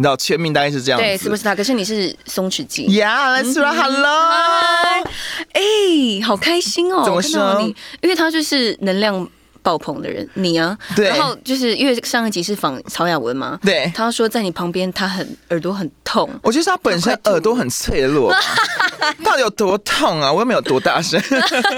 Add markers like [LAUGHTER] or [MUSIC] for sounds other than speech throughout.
你知道簽名單是這樣子，對，是不是他？可是你是鬆弛劑 yah let's hello，哎、hey,，好開心哦，怎麼說，因為他就是能量。爆棚的人，你啊？對。然後就是因為上一集是訪曹雅文嘛，對。他說在你旁邊，他很耳朵很痛。我覺得他本身耳朵很脆弱嘛，到底有多痛啊？ [LAUGHS] 我又沒有多大聲。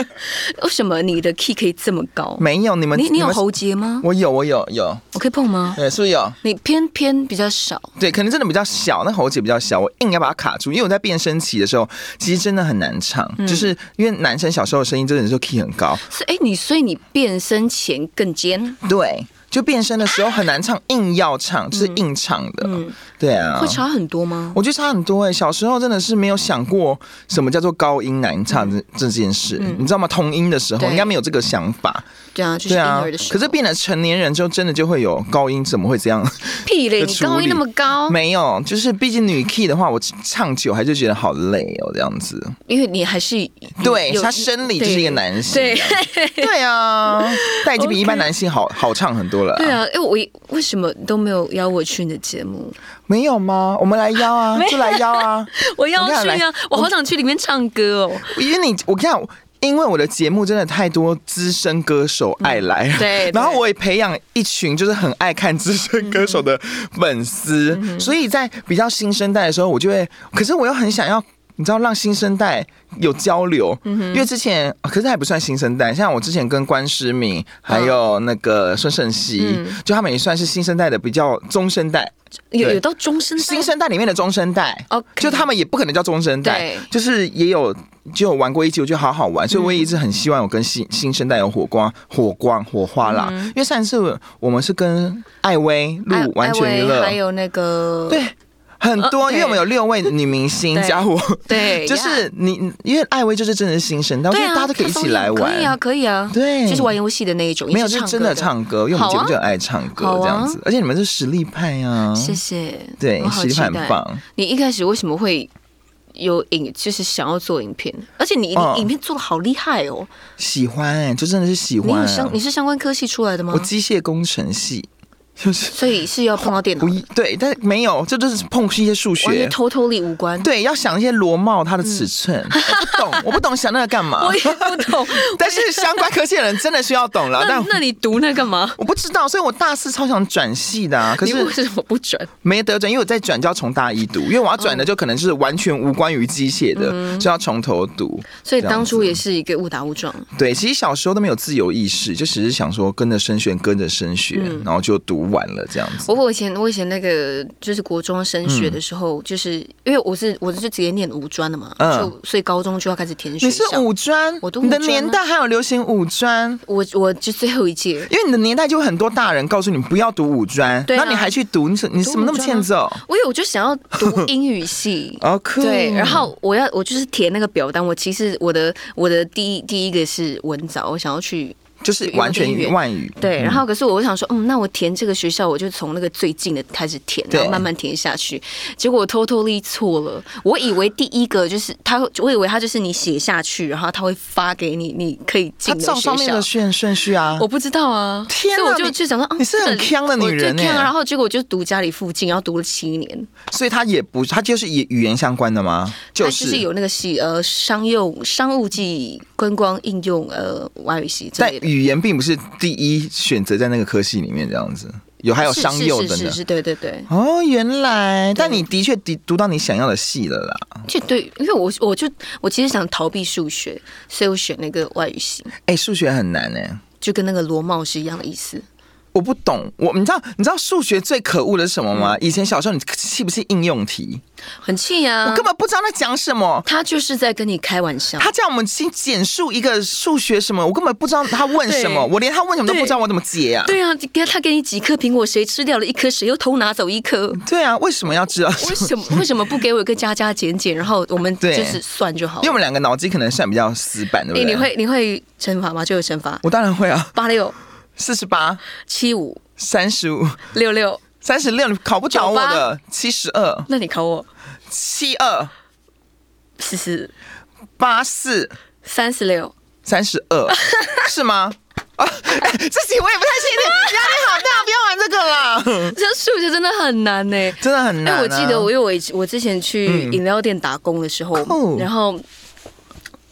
[LAUGHS] 為什麼你的 key 可以這麼高？沒有，你們你你有喉結嗎？我有，我有有。我可以碰嗎？對，是不是有？你偏偏比較少，對，可能真的比較小，那喉結比較小。我硬要把它卡住，因為我在變聲期的時候，其實真的很難唱，嗯、就是因為男生小時候的聲音真的是 key 很高。是，哎，你所以你變聲。錢更尖，對。就變聲的時候很難唱，硬要唱，嗯，就是硬唱的，嗯，對啊，會差很多嗎？我覺得差很多哎，欸，小時候真的是沒有想過什麼叫做高音難唱這這件事，嗯，你知道嗎？童音的時候應該沒有這個想法，對啊，對啊。就是，的可是變了成，成年人之後，真的就會有高音怎麼會這樣？ [LAUGHS] 屁嘞，你高音那麼高，沒有，就是畢竟女 key 的話，我唱久還是覺得好累哦，這樣子。因為你還是對，他生理就是一個男性，對，對啊，他已經比一般男性好好唱很多。對啊，哎、欸，我，我為什麼都沒有邀我去你的節目？沒有嗎？我們來邀啊， [LAUGHS] 就來邀啊！ [LAUGHS] 我要去是啊！ [LAUGHS] 我好想去裡面唱歌哦。因為你，我看，因為我的節目真的太多資深歌手愛來了、嗯對，對。然後我也培養一群就是很愛看資深歌手的粉絲、嗯，所以在比較新生代的時候，我就會。可是我又很想要。你知道讓新生代有交流，嗯、因為之前可是還不算新生代，像我之前跟關詩敏、啊、還有那個孫勝熙，就他們也算是新生代的比較中生代，嗯、有有到中生代，新生代裡面的中生代，okay、就他們也不可能叫中生代，就是也有就有玩過一集，我覺得好好玩，嗯、所以我也一直很希望有跟新新生代有火光、火光、火花啦、嗯。因為上次我們是跟艾薇錄，完全娛樂艾薇還有那個對。很多、uh，因為我們有六位女明星加我，對，對對 [LAUGHS] 就是、yeah. 你，因為艾薇就是真的是新生，但、啊、我覺得大家都可以一起來玩。可以啊，可以啊，對，就是玩遊戲的那一種，是沒有，就真的唱歌，因為我們節目就很愛唱歌、啊、這樣子、啊，而且你們是實力派啊，謝謝，對，實力派很棒。你一開始為什麼會有影，就是想要做影片？而且你、哦、你影片做得好厲害哦，喜歡、欸，就真的是喜歡、啊。你有相你是相關科系出來的嗎？我機械工程系。就是，是，所以是要碰到電腦？對，但沒有，這都是碰一些數學，完頭偷偷無關。對，要想一些螺帽它的尺寸、嗯，我不懂， [LAUGHS] 我不懂想那個幹嘛，我也不懂。 [LAUGHS] 但是相關科技的人真的需要懂了。 [LAUGHS] 但那那你讀那幹嘛？我不知道，所以我大四超想轉系的、啊，可是為什麼不轉？沒得轉，因為我在轉就要從大一讀，因為我要轉的就可能是完全無關於機械的，就、嗯、要從頭讀。所以當初也是一個誤打誤撞。對，其實小時候都沒有自由意識，就只是想說跟着升學跟着升學、嗯，然後就讀。完了這樣子。我我以前我以前那個就是國中升學的時候，嗯、就是因為我是我是直接念五專的嘛，嗯、就所以高中就要開始填學。你是五專，我讀、啊、你的年代還有流行五專，我我就最後一屆。因為你的年代就很多大人告訴你不要讀五專，那、啊、你還去讀，你什、啊、你怎麼那麼欠揍？我因我就想要讀英語系， [LAUGHS] oh cool. 對，然後我要我就是填那個表單，我其實我的我的第一第一個是文藻，我想要去。就是完全外語對，然後可是我想說，嗯，那我填這個學校，我就從那個最近的開始填，然後慢慢填下去。結果我偷偷的錯了，我以為第一個就是他，我以為他就是你寫下去，然後他會發給你，你可以進的校他上上面的順順序啊，我不知道啊，天哪！所以我就就想說，你,你是很坑的女人呢、欸。然後結果我就讀家裡附近，然後讀了七年。所以他也不，他就是以語言相關的嗎？就是,他就是有那個系，呃，商用商務系、觀光應用、呃，外語系這語言並不是第一選擇，在那個科系裡面這樣子，有還有商友的呢，是是是是是對對對。哦，原來，但你的確的讀到你想要的系了啦。就對，因為我我就我其實想逃避數學，所以我選那個外語系。哎，數學很難呢、欸，就跟那個螺帽是一樣的意思。我不懂，我你知道你知道數學最可惡的是什麼嗎、嗯？以前小時候你氣不氣應用題？很氣呀！我根本不知道他講什麼。他就是在跟你開玩笑。他叫我們先簡述一個數學什麼，我根本不知道他問什麼，我連他問什麼都不知道，我怎麼解啊？對啊、給、他給你幾顆蘋果，誰吃掉了一顆，誰又偷拿走一顆。對啊，為什麼要知道？為什麼為什麼不給我一個加加減減，然後我們就是算就好？因為我們兩個腦筋可能算比較死板，的問題、欸、你會你會乘法嗎？就有乘法。我當然會啊，八六。四十八、七五、三十五、六六、三十六，你考不著我的。七十二，72，那你考我？七二、四四、八四、三十六、三十二，是嗎？啊欸、自己我也不太確定。壓力好大，不要玩這個了。這數學真的很難呢、欸，真的很難、啊。因、欸、我記得，我因我我之前去飲料店打工的時候，嗯、然後。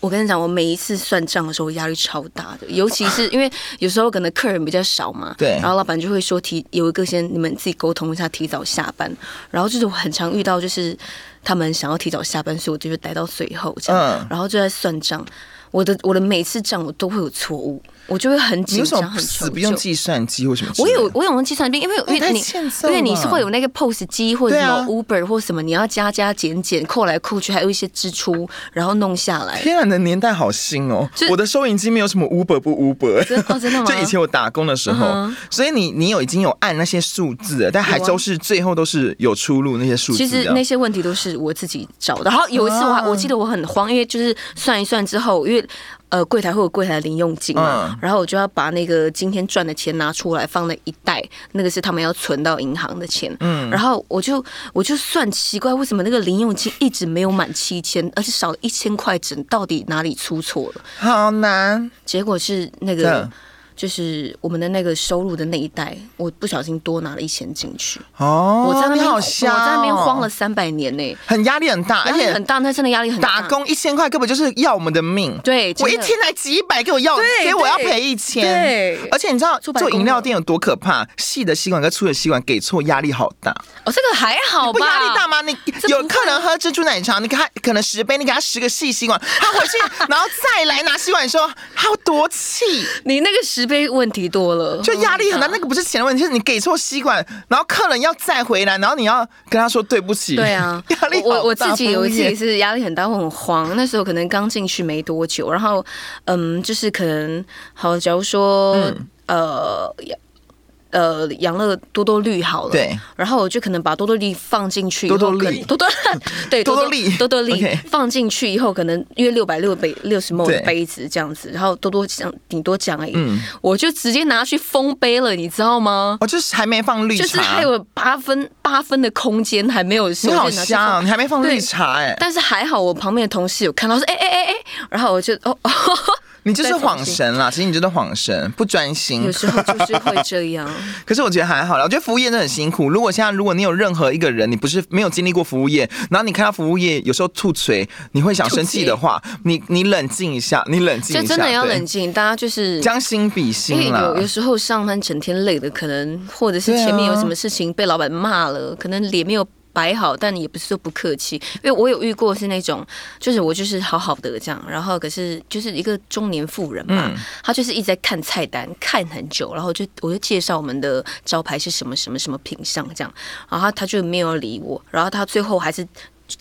我跟你講，我每一次算賬的時候，壓力超大的，尤其是因為有時候可能客人比較少嘛，對，然後老闆就會說提有一個先，你們自己溝通一下，提早下班。然後就是我很常遇到，就是他們想要提早下班，所以我就會待到最後這樣，uh, 然後就在算賬。我的我的每次賬我都會有錯誤。我就會很緊張，很死。不用計算機或什麼？我有，我有用計算機，因為、欸、因為你，因為你是會有那個 POS 機或者什麼或什麼 Uber、啊、或什麼，你要加加減減，扣來扣去，還有一些支出，然後弄下來。天啊，你的年代好新哦！我的收銀機沒有什麼 Uber 不 Uber、哦、真的嗎？ [LAUGHS] 就以前我打工的時候，嗯、所以你你有已經有按那些數字了，但還都是最後都是有出入那些數字了、啊。其實那些問題都是我自己找的。然後有一次我還、啊、我記得我很慌，因為就是算一算之後，因為。呃，櫃檯會有櫃檯的零用金嘛，嗯？然後我就要把那個今天賺的錢拿出來放了一袋，那個是他們要存到銀行的錢。嗯，然後我就我就算奇怪，為什麼那個零用金一直沒有滿七千，而且少了一千塊整，到底哪裡出錯了？好難。結果是那個。就是我們的那個收入的那一代，我不小心多拿了一千進去哦。我在那邊、哦，我在那邊慌了三百年呢、欸，很壓力，壓力很大，而且很大，他真的壓力很大。打工一千塊根本就是要我們的命。對，我一天才幾百給，給我要，所以我要賠一千對對。而且你知道，做飲料店有多可怕？細的吸管跟粗的吸管給錯，壓力好大。哦，這個還好吧，不壓力大嗎？你有客人喝珍珠奶茶，你給他可能十杯，你給他十個細吸管，他回去 [LAUGHS] 然後再來拿吸管說，好他多氣。你那個十杯。問題多了，就壓力很大。Oh, 那個不是錢的問題，oh, 是你給錯吸管，然後客人要再回來，然後你要跟他說對不起。對啊，壓 [LAUGHS] 力我我自己有一次是壓力很大，會很慌。那時候可能剛進去沒多久，然後嗯，就是可能好，假如說、嗯、呃，呃，養樂多多綠好了，對。然後我就可能把多多綠放進去，多多綠，多多 [LAUGHS] 對，多多綠，多多綠、okay. 放進去以後，可能約 660ml 的杯子這樣子。然後多多講頂多講而已、嗯，我就直接拿去封杯了，你知道嗎？我、哦、就是還沒放綠茶，就是還有八分八分的空間還沒有。你好香、啊，你還沒放綠茶哎、欸。但是還好，我旁邊的同事有看到說，哎哎哎哎，然後我就哦。 [LAUGHS] 你就是恍神啦，其實你真的恍神，不專心。有時候就是會這樣 [LAUGHS] 。可是我覺得還好啦，我覺得服務業都很辛苦。如果現在如果你有任何一個人，你不是沒有經歷過服務業，然後你看到服務業有時候吐錘，你會想生氣的話，你你冷靜一下，你冷靜一下。就真的要冷靜，大家就是將心比心啦。有有時候上班整天累的，可能或者是前面有什麼事情被老闆罵了、啊，可能臉沒有。還好，但也不是說不客氣，因為我有遇過是那種，就是我就是好好的這樣，然後可是就是一個中年婦人嘛，她、嗯、就是一直在看菜單，看很久，然後就我就介紹我們的招牌是什麼什麼什麼品項這樣，然後她就沒有理我，然後她最後還是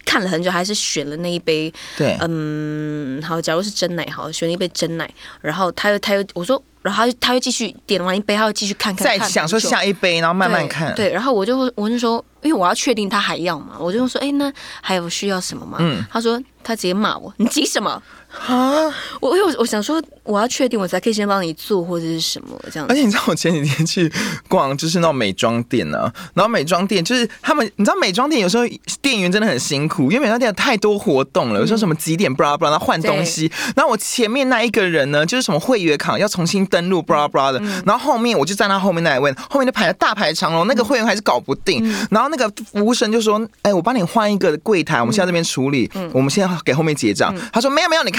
看了很久，還是選了那一杯，對，嗯，好，假如是珍奶好，選了一杯珍奶，然後他又他又我說。然後他就他會繼續點完一杯，他又繼續看看，再想說下一杯，然後慢慢看。對，對，然後我就我就說，因為我要確定他還要嘛，我就說，哎，那還有需要什麼嗎？嗯。他說，他直接罵我，你急什麼？啊！我因為我，我想說，我要確定我才可以先幫你做或者是什麼這樣。而且你知道我前幾天去逛就是那種美妝店呢、啊，然後美妝店就是他們，你知道美妝店有時候店員真的很辛苦，因為美妝店有太多活動了，嗯、有時候什麼幾點布拉布拉換東西。然後我前面那一個人呢，就是什麼會員卡要重新登錄布拉布拉的。嗯、然後後面我就站他後面那裡問後面的排了大排長龍，那個會員還是搞不定。嗯、然後那個服務生就說：“哎、欸，我幫你換一個櫃檯，我們現在在這邊處理，嗯、我們現給後面結賬。嗯”他說：“沒有沒有，你看。”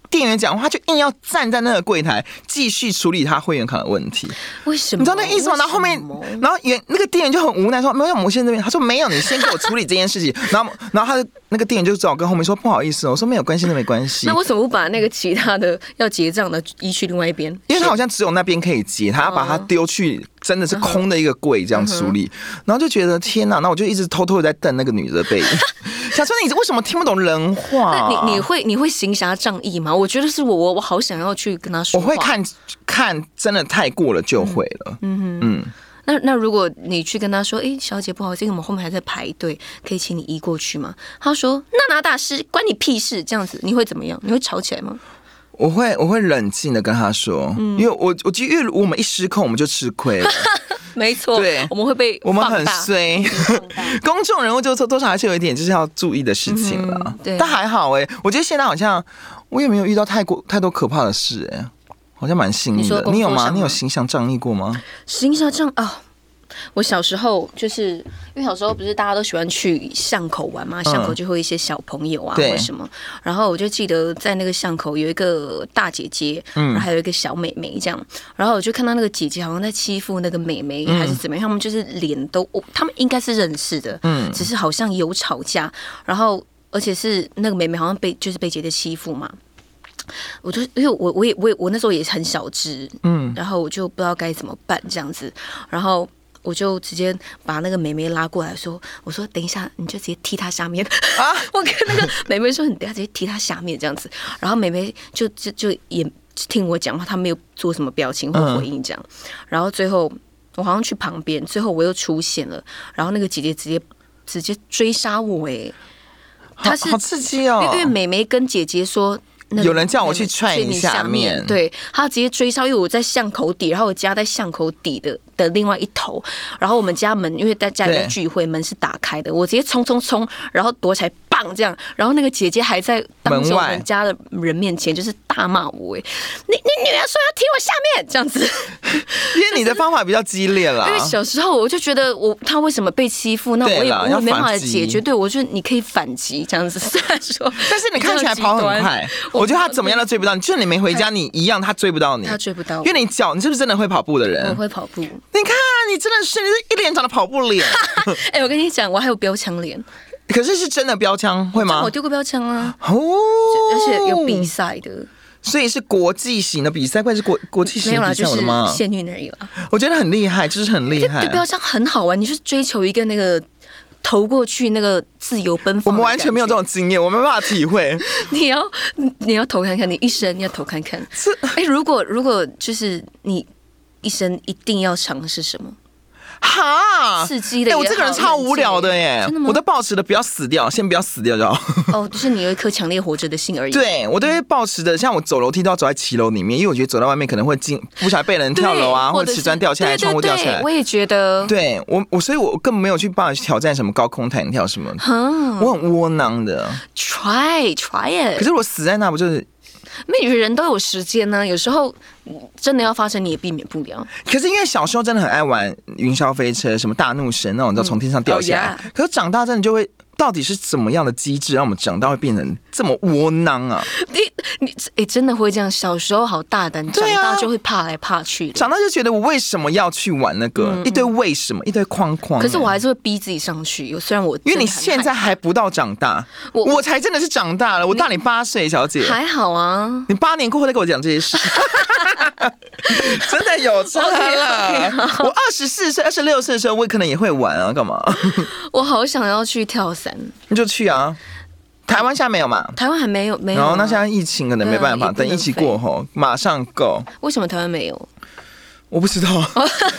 店員講話，就硬要站在那個櫃檯繼續處理他會員卡的問題。為什麼？你知道那意思嗎？然後後面，然後原那個店員就很無奈說：“沒有，我們現在這邊。”他說：“沒有，你先給我處理這件事情。 [LAUGHS] ”然後，然後他的那個店員就只好跟後面說：“不好意思。”我說：“沒有關係，那沒關係。 [LAUGHS] ”那為什麼不把那個其他的要結賬的移去另外一邊？因為他好像只有那邊可以結，他要把它丟去真的是空的一個櫃這樣處理。 [LAUGHS] 然後就覺得天哪，那我就一直偷偷的在瞪那個女的背影。小春，你為什麼聽不懂人話？那你你會你會行俠仗義嗎？我覺得是我，我我好想要去跟他說。我會看，看真的太過了就會了。嗯嗯，哼嗯，那那如果你去跟他說，哎、欸，小姐不好意思，我們後面還在排隊，可以請你移過去嗎？他說：“那那大師，關你屁事！”這樣子你會怎麼樣？你會吵起來嗎？我會，我會冷靜的跟他說，嗯、因為我我因為我們一失控，我們就吃虧了。 [LAUGHS] 沒錯，對，我們會被放大，我們很衰。被被 [LAUGHS] 公眾人物就多多少還是有一點就是要注意的事情了、嗯。對，但還好哎、欸，我覺得現在好像。我也沒有遇到太過太多可怕的事哎、欸，好像蠻幸運的你說。你有嗎？你有行俠仗義過嗎？行俠仗啊！我小時候就是因為小時候不是大家都喜歡去巷口玩嘛、嗯，巷口就會有一些小朋友啊，或什麼。然後我就記得在那個巷口有一個大姐姐，還有一個小妹妹，這樣、嗯。然後我就看到那個姐姐好像在欺負那個妹妹，還是怎麼樣？他、嗯、們就是臉都，他、哦、們應該是認識的，嗯，只是好像有吵架，然後。而且是那個妹妹好像被就是被姐姐欺負嘛，我就因為我我也我也我那時候也是很小只，嗯，然後我就不知道該怎麼辦這樣子，然後我就直接把那個妹妹拉過來說，我說等一下你就直接踢她下面啊！ [LAUGHS] 我跟那個妹妹說，你等下直接踢她下面這樣子，然後妹妹就就就也聽我講話，她沒有做什麼表情或回應這樣，嗯、然後最後我好像去旁邊，最後我又出現了，然後那個姐姐直接直接追殺我誒、欸。他是好，好刺激哦，因為妹妹跟姐姐說，妹妹有人叫我去踹你下面，對。他直接追上，因為我在巷口底，然後我家在巷口底的的另外一頭，然後我們家門，因為在家裡的聚會，門是打開的，我直接衝衝衝，然後躲起來。這樣，然後那個姐姐還在當着我們家的人面前，就是大罵我欸。你你女兒說要踢我下面，這樣子 [LAUGHS] 。因為你的方法比較激烈啦。因為小時候我就覺得我她為什麼被欺負，那我也不會沒辦法解決。對，對我覺得你可以反擊這樣子雖然說。但是你看起來跑很快，我覺得他怎麼樣都追不到你。就算你沒回家，你一樣他追不到你。他追不到我，因為你腳，你是不是真的會跑步的人？我會跑步。你看、啊，你真的是你是一臉長得跑步臉。哎，我跟你講，我還有標槍臉。可是是真的標槍會嗎？我丟過標槍啊，哦，就，而且有比賽的，所以是國際型的比賽，或者是國國際型的比賽？沒有啦，就是幸運而已了。我覺得很厲害，就是很厲害。標槍很好玩，你就是追求一個那個投過去那個自由奔放。我們完全沒有這種經驗，我沒辦法體會。 [LAUGHS] 你要你要投看看，你一生你要投看看。是，哎，如果如果就是你一生一定要嘗試什麼？哈，刺激的！欸、我這個人超無聊的耶的。我都抱持的不要死掉，先不要死掉就好。哦，就是你有一顆強烈活着的心而已 [LAUGHS] 對。對我都會抱持的，像我走樓梯都要走在騎樓裡面，因為我覺得走在外面可能會驚，不曉得被人跳樓啊， [LAUGHS] 或者瓷磚掉下來，窗戶掉下來。我也覺得，對我我，所以我更沒有去辦法去挑戰什麼高空彈跳什麼的、嗯。我很窩囊的，try try it。可是我死在那不就是？每個人都有時間呢、啊，有時候真的要發生，你也避免不了。可是因為小時候真的很愛玩雲霄飛車，什麼大怒神那種，就從天上掉下來。嗯 Oh, yeah. 可是長大真的就會，到底是怎麼樣的機制讓我們長大會變成？這麼窩囊啊！你你哎、欸，真的會這樣？小時候好大膽，對啊，就會怕來怕去、啊。長大就覺得我為什麼要去玩那個？嗯、一堆為什麼，一堆框框、啊。可是我還是會逼自己上去。雖然我因為你現在還不到長大，我我才真的是長大了。我，我大你八歲，小姐還好啊。你八年過後再跟我講這些事， [LAUGHS] [LAUGHS] 真的有錯的、 [LAUGHS] okay, okay, okay。我二十四歲、二十六歲的時候，我可能也會玩啊，幹嘛？ [LAUGHS] 我好想要去跳傘，你就去啊。臺灣現在沒有嘛？臺灣還沒有沒有、啊。然後那現在疫情可能沒辦法，啊、等疫情過後馬上 go。為什麼臺灣沒有？我不知道，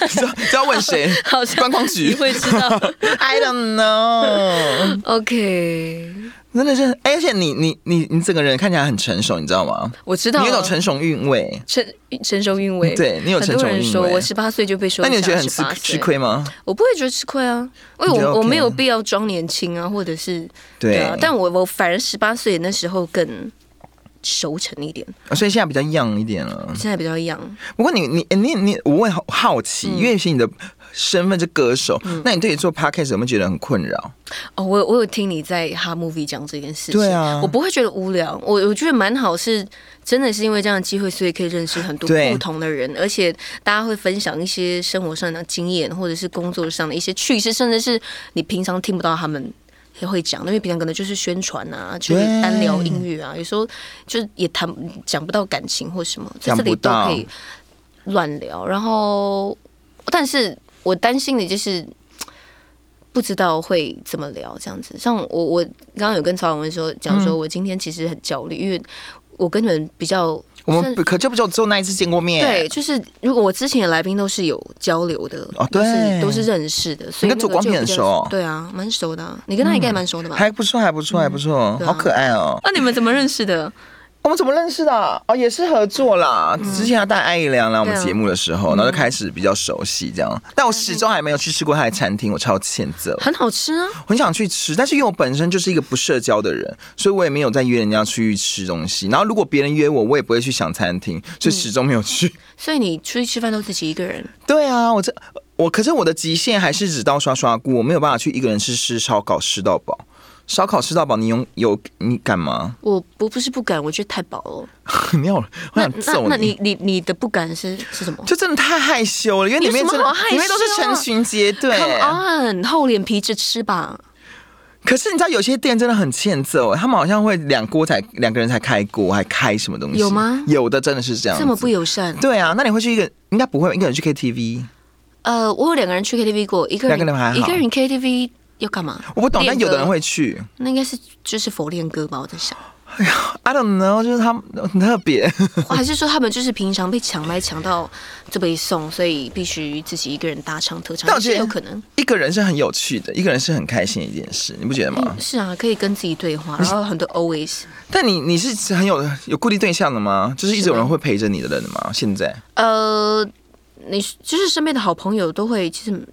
你知道問誰？好像觀光局會知道。 [LAUGHS] I don't know. [LAUGHS] OK。真的是，欸、而且你你你你整個人看起來很成熟，你知道嗎？我知道、啊你種，你有成熟韻味，成成熟韻味。對你有成熟韻味。很多人說我十八歲就被說，那你覺得很吃虧嗎？我不會覺得吃虧啊，OK? 因為我我沒有必要裝年輕啊，或者是對啊，對啊。但我我反而十八歲那時候更熟成一點，所以現在比較 young 一點了、啊。現在比較 young。不過你你你你，我很好奇，嗯、因為是你的。身份是歌手，那你對你做 podcast 有沒有覺得很困擾、嗯？哦，我我有聽你在哈 movie 講這件事情，對啊，我不會覺得無聊，我我覺得蠻好，是真的是因為這樣的機會，所以可以認識很多不同的人，而且大家會分享一些生活上的經驗，或者是工作上的一些趣事，甚至是你平常聽不到他們會講，因為平常可能就是宣傳啊，就是單聊音樂啊，有時候就也談講不到感情或什麼，在這裡都可以亂聊，然後但是。我擔心的就是不知道會怎麼聊，這樣子。像我，我剛剛有跟曹永文說講，講說我今天其實很焦慮、嗯，因為我跟你們比較，我們可就不就只有那一次見過面。對，就是如果我之前的來賓都是有交流的，哦，對，都是認識的。所以就跟祖光很熟，對啊，蠻熟的、啊。你跟他應該蠻熟的吧？還不錯，還不錯，還不錯、嗯啊，好可愛哦。那、啊、你們怎麼認識的？ [LAUGHS] 我們怎麼認識的？哦，也是合作啦。之前他帶艾怡良來我們節目的時候、嗯，然後就開始比較熟悉這樣。嗯、但我始終還沒有去吃過他的餐廳，我超欠揍。很好吃啊，很想去吃。但是因為我本身就是一個不社交的人，所以我也沒有再約人家出去吃東西。然後如果別人約我，我也不會去想餐廳，所以始終沒有去、嗯。所以你出去吃飯都自己一個人？對啊，我這我可是我的極限還是只到刷刷鍋，我沒有辦法去一個人吃吃燒烤吃到飽。燒烤吃到飽，你勇有，有你敢嗎？我不不是不敢，我覺得太飽了，沒有 [LAUGHS] 了，我想走。那那，那你你你的不敢是是什麼？就真的太害羞了，因為裡面真的你有什麼好害羞的，裡面都是成群結隊。Come on，厚臉皮着吃吧。可是你知道有些店真的很欠揍，他們好像會兩鍋才兩個人才開鍋，還開什麼東西？有嗎？有的真的是這樣，這麼不友善。對啊，那你會去一個？應該不會吧，一個人去 KTV。呃、uh，我有兩個人去 KTV 過，一個人、個人、一個人 KTV。要幹嘛？我不懂，但有的人會去。那應該是就是佛戀歌吧？我在想。哎呀，I don't know，就是他們很特別。 [LAUGHS] 我還是說他們就是平常被搶麥搶到就被送，所以必須自己一個人大唱特唱？倒也有可能。一個人是很有趣的，一個人是很開心的一件事，嗯，你不覺得嗎、嗯？是啊，可以跟自己對話，然後很多 always。但你你是很有有固定對象的嗎？就是一直有人會陪着你的人嗎，嗎？現在？呃，你就是身邊的好朋友都會其實。就是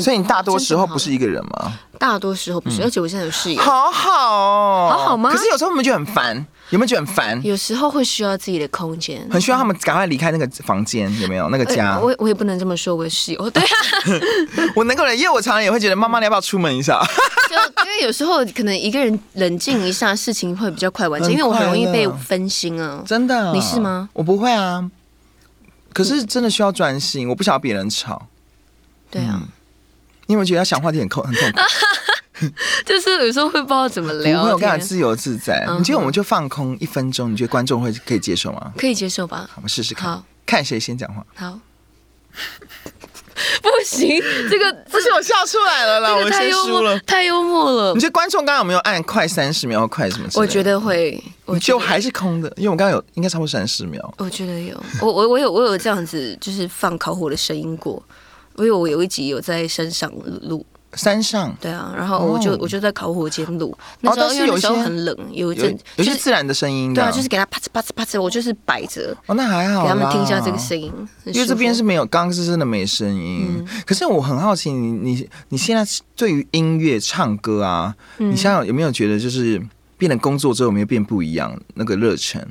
所以你大多時候不是一個人嗎？大多時候不是，嗯、而且我現在有室友，好好，好好嗎？可是有時候我們就很煩，有沒有覺得很煩？有時候會需要自己的空間，很需要他們趕快離開那個房間，有沒有那個家？欸、我我也不能這麼說，我的室友對啊。 [LAUGHS] 我能夠的，因為我常常也會覺得，媽媽，你要不要出門一下？因為有時候可能一個人冷靜一下， [LAUGHS] 事情會比較快完成快，因為我很容易被分心啊。真的，你是嗎？我不會啊，可是真的需要專心，我不想要別人吵。對啊。嗯你有沒有覺得想話題很空很痛苦？ [LAUGHS] 就是有時候會不知道怎麼聊不。不會，我剛剛有自由自在。嗯，你覺得我們就放空一分鐘，你覺得觀眾會可以接受嗎？可以接受吧。我們試試看，好，看誰先講話。好， [LAUGHS] 不行，這個不是我笑出來了啦。我 [LAUGHS] 先輸了，太幽默了。你覺得觀眾剛剛有沒有按快三十秒快什麼？我覺得會，我覺得你就還是空的，因為我剛剛有應該超過三十秒。我覺得有，我我我有我有這樣子，就是放烤火的聲音過。 [LAUGHS] 因為我有一集有在山上錄，山上對啊，然後我就、oh. 我就在烤火間錄，然後、哦、但是有時候很冷，有一陣，有、就是、有一些自然的聲音，對啊，就是給他啪嚓啪嚓啪嚓，我就是擺着，哦，那還好、啊，給他們聽一下這個聲音，因為這邊是沒有，剛剛是真的沒聲音、嗯，可是我很好奇你，你你你現在對於音樂唱歌啊，你現在有沒有覺得就是。變成工作之後，沒有變不一樣？那個熱忱，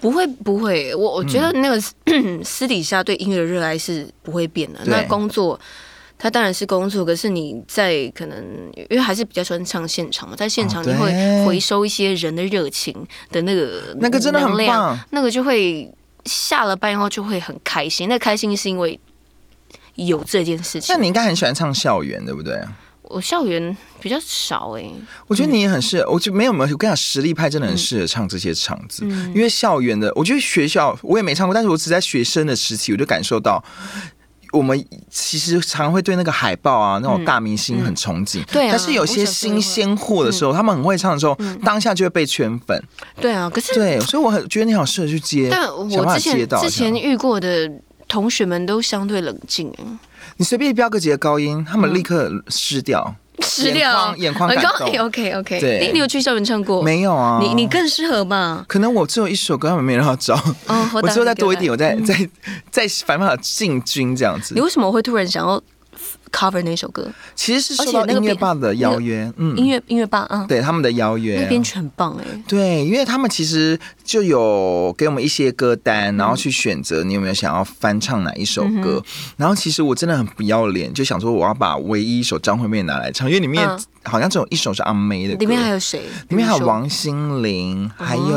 不會不會。我我覺得那個、嗯、 [COUGHS] 私底下對音樂的熱愛是不會變的。那工作，它當然是工作。可是你在可能，因為還是比較喜歡唱現場嘛，在現場你會回收一些人的熱情的那個那個真的很累，那個就會下了班以後就會很開心。那開心是因為有這件事情。那你應該很喜歡唱校園，對不對？我校園比較少哎、欸，我覺得你也很適合。嗯、我就沒有沒有，我跟你講，實力派真的很適合唱這些場子、嗯嗯，因為校園的，我覺得學校我也沒唱過，但是我只在學生的時期，我就感受到，我們其實常會對那個海報啊，那種大明星很憧憬，嗯嗯、對、啊，但是有些新鮮貨的時候、嗯，他們很會唱的時候、嗯，當下就會被圈粉，對啊，可是對，所以我很覺得你好適合去接，但我之前接到之前遇過的同學們都相對冷靜、欸。你隨便飆個幾個高音，他們立刻失掉，失掉眼眶濕掉。Oh、OK OK，對，你，你有去校園唱過？沒有啊，你你更適合嗎？可能我只有一首歌，他們沒讓他找。嗯、oh,，我只有再多一點，uh, 嗯、我再再再反反的進軍這樣子。你為什麼我會突然想要？cover 那首歌，其實是受到音樂棒的邀約。嗯，那個、音樂音樂棒啊，對他們的邀約、啊。那編曲很棒哎、欸。對，因為他們其實就有給我們一些歌單，然後去選擇你有沒有想要翻唱哪一首歌。嗯、然後其實我真的很不要臉，就想說我要把唯一一首張惠妹拿來唱，因為裡面好像只有一首是阿妹的。裡面還有誰？裡面還有王心凌，還有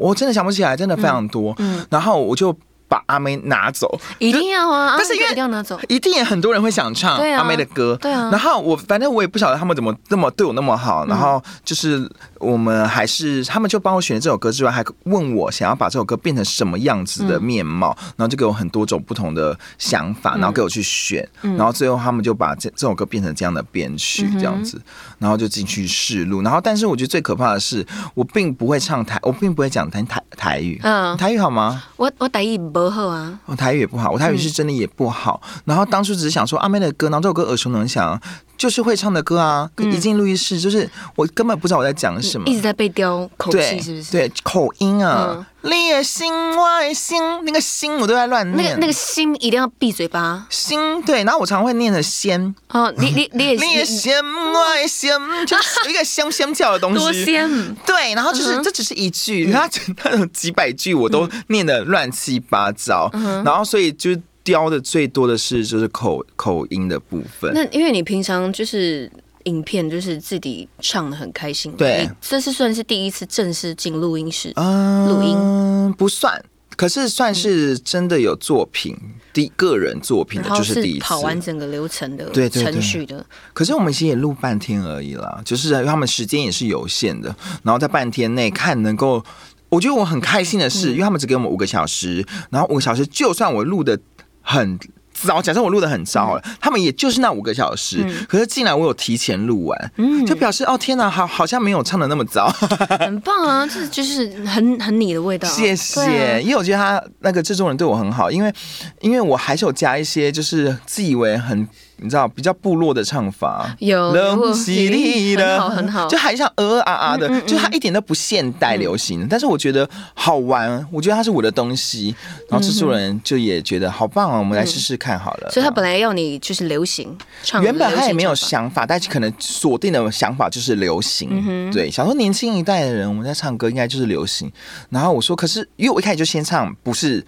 我、哦哦、真的想不起來，真的非常多。嗯，嗯然後我就。把阿妹拿走，一定要啊！但是一定要拿走，一定也很多人會想唱阿妹的歌對、啊。對啊，然後我反正我也不曉得他們怎麼那麼對我那麼好、嗯。然後就是我們還是他們就幫我選了這首歌之外，還問我想要把這首歌變成什麼樣子的面貌。嗯、然後就給我很多種不同的想法，嗯、然後給我去選、嗯。然後最後他們就把這這首歌變成這樣的編曲，嗯、這樣子。然後就進去試錄，然後但是我覺得最可怕的是，我並不會唱台，我並不會講台台台語。嗯、哦，台語好嗎？我我台語不好啊。我、哦、台語也不好，我台語是真的也不好、嗯。然後當初只是想說阿、啊、妹的歌，然後這首歌耳熟能詳。就是會唱的歌啊！嗯、一進錄音室，就是我根本不知道我在講什麼，一直在被叼口氣，是不是？對，口音啊，嗯、你的心，我的心，那個心我都在亂，那個那個心一定要閉嘴巴。心，對，然後我常，常會念的仙哦，你你你，你的仙，我的仙，就是、一個香香叫的東西。 [LAUGHS] 多仙對，然後就是、嗯、這只是一句，然、嗯、他有幾百句我都念的亂七八糟、嗯，然後所以就。標的最多的是就是口口音的部分。那因為你平常就是影片就是自己唱的很開心。對，這是算是第一次正式進錄音室。嗯，錄音不算，可是算是真的有作品，第、嗯、個人作品的就是第一次跑完整個流程的程序的，對對對，程序的。可是我們其實也錄半天而已啦，就是因為他們時間也是有限的，嗯、然後在半天內看能夠、嗯，我覺得我很開心的是，嗯、因為他們只給我們五個小時，然後五個小時就算我錄的。很糟，假設我錄的很糟了，他們也就是那五個小時。嗯、可是進來我有提前錄完、嗯，就表示哦，天吶，好好像沒有唱的那麼糟， [LAUGHS] 很棒啊！這就是很很你的味道。謝謝，因為我覺得他那個制作人對我很好，因為因為我還是有加一些，就是自以為很。你知道比較部落的唱法，有力很犀利，的，好，很好，就還像呃啊啊,啊啊的嗯嗯嗯，就它一點都不現代流行、嗯。但是我覺得好玩，我覺得它是我的東西。嗯、然後制作人就也覺得好棒啊，我們來試試看好了、嗯。所以他本來要你就是流行、嗯、唱,流行唱，原本他也沒有想法，但是可能鎖定的想法就是流行。嗯、對，想說年輕一代的人，我們在唱歌應該就是流行。然後我說，可是因為我一開始就先唱不是。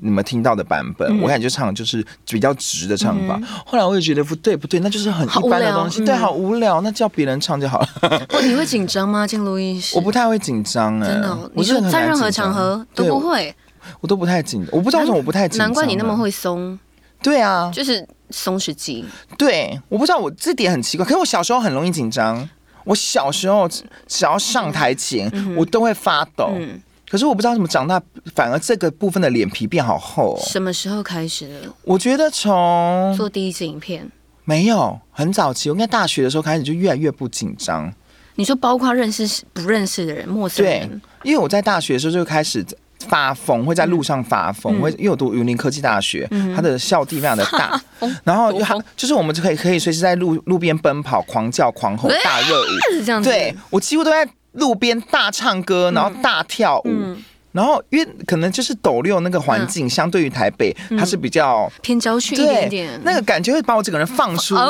你們聽到的版本，嗯、我感覺唱就是比較直的唱法、嗯。後來我也覺得不對不對，那就是很一般的東西，對、嗯，好無聊，那叫別人唱就好了。嗯、 [LAUGHS] 不你會緊張嗎？進錄音室我不太會緊張，真的、哦，我就在任何場合都不會我，我都不太緊，我不知道為什麼我不太緊張。難怪你那麼會鬆，對啊，就是鬆弛劑，對，我不知道我這點很奇怪，可是我小時候很容易緊張，我小時候只要上台前、嗯、我都會發抖。嗯可是我不知道怎麼長大，反而這個部分的臉皮變好厚、哦。什麼時候開始的？我覺得從做第一支影片沒有很早期，我應該大學的時候開始就越來越不緊張。你說包括認識不認識的人，陌生人？對，因為我在大學的時候就開始發瘋，會在路上發瘋、嗯。因為我讀雲林科技大學，嗯、它的校地非常的大，然後又他就是我們就可以可以隨時在路路邊奔跑、狂叫、狂吼、大熱舞、欸是這樣子。對，我幾乎都在。路邊大唱歌，然後大跳舞、嗯。嗯然後因為可能就是斗六那個環境，相對於台北，它是比較偏郊區一點點，那個感覺會把我整個人放出來。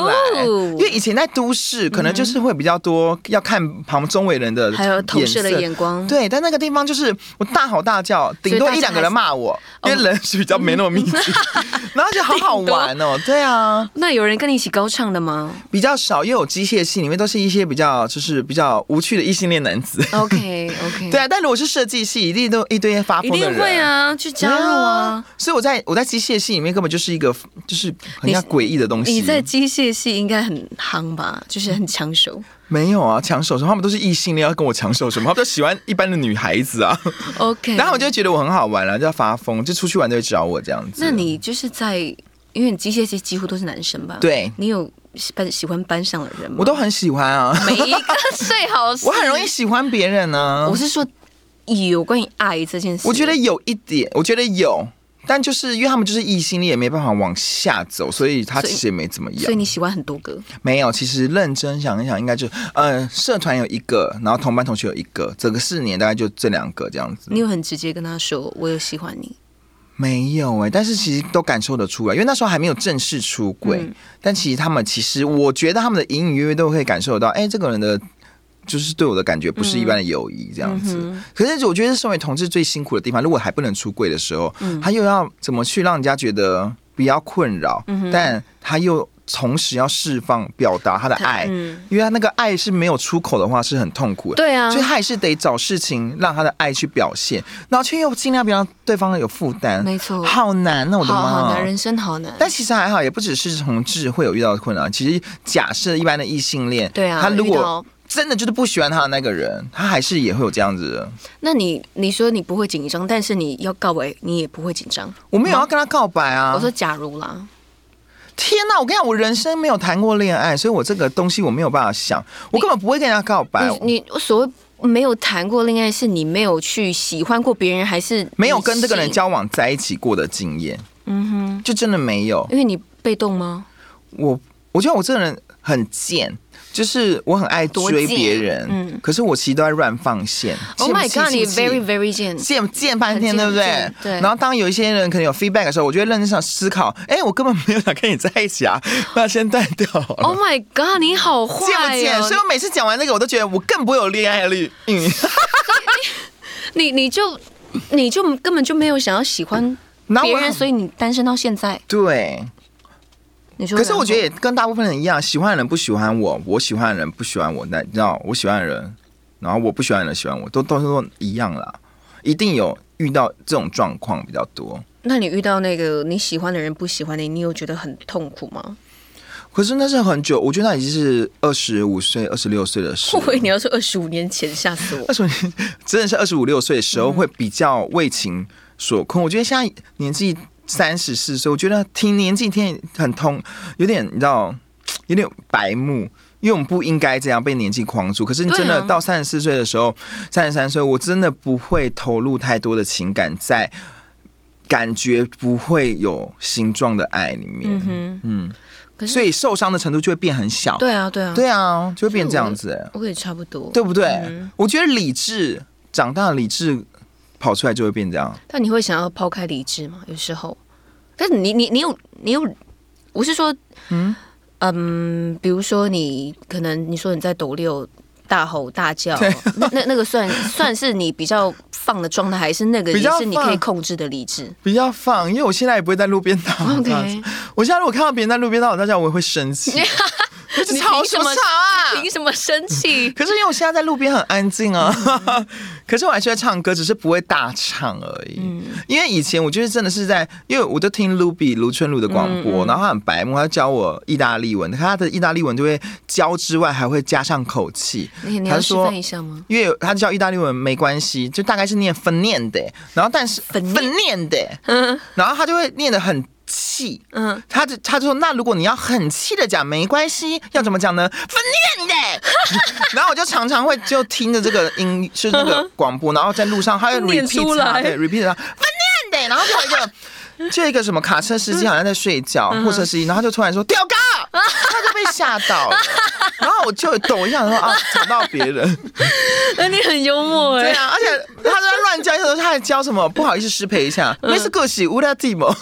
因為以前在都市，可能就是會比較多要看旁周圍人的還有投射的眼光，對。但那個地方就是我大吼大叫，頂多一兩個人罵我，因為人是比較沒那麼密集，然後就好好玩哦。對啊。那有人跟你一起高唱的嗎？比較少，又有機械系，裡面都是一些比較就是比較無趣的異性戀男子。OK OK。對啊，但如果是設計系，一定都。一堆發瘋的人，一定會啊，去加入啊。啊所以我在，我在機械系裡面根本就是一個，就是很像詭異的東西。你，你在機械系應該很夯吧？就是很搶手，嗯。沒有啊，搶手什麼？他們都是異性戀，要跟我搶手什麼？他們都喜歡一般的女孩子啊。 [LAUGHS] OK。然後我就覺得我很好玩，啊，就要發瘋，就出去玩就會找我這樣子。那你就是在，因為機械系幾乎都是男生吧？對。你有喜歡班上的人嗎？我都很喜歡啊，每一個最好。 [LAUGHS] 我很容易喜歡別人呢、啊。我是說。有關於愛這件事，我覺得有一點，我覺得有，但就是因為他們就是異性戀，也沒辦法往下走，所以他其實也沒怎麼樣。所以，所以你喜歡很多個？沒有，其實認真想一想應，應該就呃，社團有一個，然後同班同學有一個，整個四年大概就這兩個這樣子。你有很直接跟他說我有喜歡你？沒有哎、欸，但是其實都感受得出來，因為那時候還沒有正式出櫃、嗯，但其實他們其實我覺得他們的隱隱約約都可以感受到，哎、欸，這個人的。就是對我的感覺不是一般的友誼這樣子、嗯嗯，可是我覺得身為同志最辛苦的地方，如果還不能出櫃的時候、嗯，他又要怎麼去讓人家覺得比較困擾、嗯？但他又同時要釋放表達他的愛、嗯，因為他那個愛是沒有出口的話是很痛苦的。對啊，所以他還是得找事情讓他的愛去表現，然後卻又尽量不讓對方有負擔。沒錯，好難哦，我的媽，好，好難，人生好難。但其實還好，也不只是同志會有遇到困難。其實假設一般的異性戀，對啊，他如果真的就是不喜歡他的那個人，他還是也會有這樣子的。那你你說你不會緊張，但是你要告白，你也不會緊張？我沒有要跟他告白啊。我說假如啦。天哪！我跟你講，我人生沒有談過戀愛，所以我這個東西我沒有辦法想，我根本不會跟他告白。你，你我所謂沒有談過戀愛，是你沒有去喜歡過別人，還是沒有跟這個人交往在一起過的經驗？嗯哼，就真的沒有。因為你被動嗎？我我覺得我這個人很賤。就是我很愛追別人、嗯，可是我其實都在亂放線。Oh my god，你 very very 賤，賤賤半天，對不對近近？對。然後當有一些人可能有 feedback 的時候，我就會認真想思考，哎、欸，我根本沒有想跟你在一起啊，那先斷掉。Oh my god，你好壞、啊、所以我每次講完那個，我都覺得我更不會有戀愛力。你 [LAUGHS] 你，你就你就根本就沒有想要喜歡別人，然後我，所以你單身到現在。對。可是我覺得也跟大部分人一樣，喜歡的人不喜歡我，我喜歡的人不喜歡我。那你知道，我喜歡的人，然後我不喜歡的人喜歡我，都都是說一樣啦。一定有遇到這種狀況比較多。那你遇到那個你喜歡的人不喜歡你，你有覺得很痛苦嗎？可是那是很久，我覺得那已經是二十五歲、二十六歲的時候。我以為你要說二十五年前，嚇死我！二十五真的是二十五六歲的時候會比較為情所困、嗯。我覺得現在年紀、嗯。三十四歲，我覺得挺年紀，天很通，有點你知道，有點白目，因為我們不應該這樣被年紀框住。可是你真的、啊、到三十四歲的時候，三十三歲，我真的不會投入太多的情感在感覺不會有形狀的愛裡面。嗯,嗯可是，所以受傷的程度就會變很小。對啊，對啊，對啊，就會變這樣子。所以我,我也差不多，對不對？嗯、我覺得理智長大，理智。跑出來就會變這樣。但你會想要拋開理智嗎？有時候，但是你你你有你有，我是說，嗯,嗯，比如說你可能你說你在斗六大吼大叫，那那那個算算是你比較放的狀態，還是那個也是你可以控制的理智？比較放，因為我現在也不會在路邊大吼大叫。OK，我現在如果看到別人在路邊大吼大叫我，啊，我也會生氣。你吵什麼吵啊？憑什麼生氣？可是因為我現在在路邊很安靜啊。 [LAUGHS] 可是我還是會唱歌，只是不會大唱而已，嗯。因為以前我就是真的是在，因為我就聽盧比盧春如的廣播，嗯嗯，然後他很白目，他教我意大利文，他的意大利文就會教之外，還會加上口氣。你要示範一下嗎？因為他教意大利文沒關係，就大概是念分念的。然後但是分念，分念的，然後他就會念得很。嗯，他就他就說，那如果你要很氣的講，沒關係，要怎麼講呢？分念的，然後我就常常會就聽着這個音是那個廣播，然後在路上他又 repeat 了， [NOISE] 對，repeat 分念的，然後就有一個，就一個什麼卡車司機好像在睡覺，貨車司機，然後他就突然說掉高， [NOISE] 他就被嚇到了。 [LAUGHS] 然後我就抖一下，然後啊，吵到別人。那 [LAUGHS] 你很幽默哎。對 [LAUGHS] 啊，而且他在亂教，有時候他還教什麼？不好意思，失陪一下。Miss Gucci，what a demo。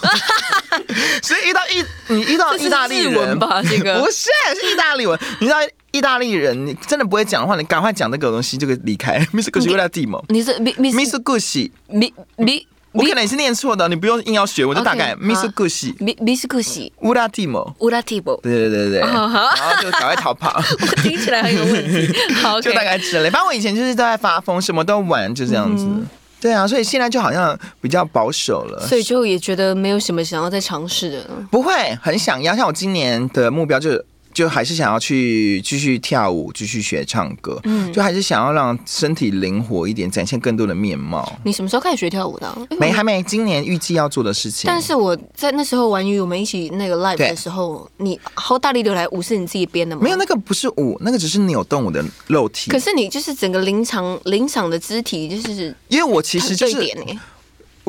所以遇到意，你遇到意大利人吧？這個 [LAUGHS] 不是，是意大利文。你知道意大利人你真的不會講的話，你趕快講那個東西，就給離開。Miss Gucci，what a demo s s Miss Miss Gucci，Miss Miss。 [LAUGHS] 你 [LAUGHS] 我可能也是念錯的，你不用硬要學，我就大概、okay, 啊、misugi, misugi, uratimo, uratimo, 對對對對對，oh, huh? 然後就趕快逃跑， [LAUGHS] 我聽起來很有問題， [LAUGHS] 好、okay，就大概之類。反正我以前就是都在發瘋，什麼都玩，就這樣子。Mm -hmm. 對啊，所以現在就好像比較保守了，所以就也覺得沒有什麼想要再嘗試的。不會很想要，像我今年的目標就是。就還是想要去繼續跳舞，繼續學唱歌，嗯，就還是想要讓身體靈活一點，展現更多的面貌。你什麼時候開始學跳舞的？啊？沒，還沒。今年預計要做的事情。但是我在那時候玩魚，我們一起那個 live 的時候，你好大力的來。舞是你自己編的嗎？沒有，那個不是舞，那個只是扭動我的肉體。可是你就是整個臨場臨場的肢體，就是、欸、因為我其實就呢、是。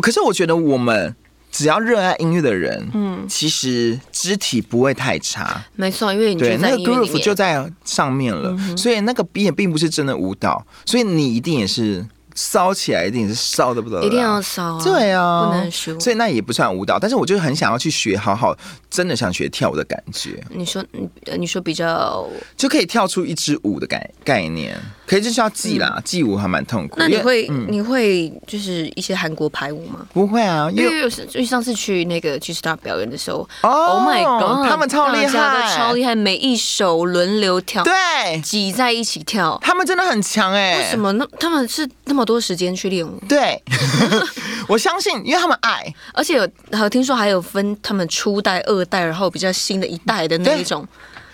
可是我覺得我們。只要熱愛音樂的人，嗯，其實肢體不會太差。沒錯，因為你覺得，對，那個 groove 就在上面了，嗯、所以那個 beat 也並不是真的舞蹈，所以你一定也是騷起來，嗯、起來一定是騷的不得了，一定要騷、啊，對啊、哦，不能輸。所以那也不算舞蹈，但是我就是很想要去學，好好的真的想學跳舞的感覺。你說，你你說比較就可以跳出一支舞的概概念。可以就是要記啦，嗯、記舞還蠻痛苦。那你會、嗯、你會就是一些韓國排舞嗎？不會啊，因為因為上次去那個 G Star 表演的時候，Oh my God，他們超厲害，超厲害，每一首輪流跳，對，擠在一起跳，他們真的很強哎、欸。為什麼那他們是那麼多時間去練舞？對， [LAUGHS] [LAUGHS] 我相信，因為他們愛，而且有還聽說還有分他們初代、二代，然後比較新的一代的那一種。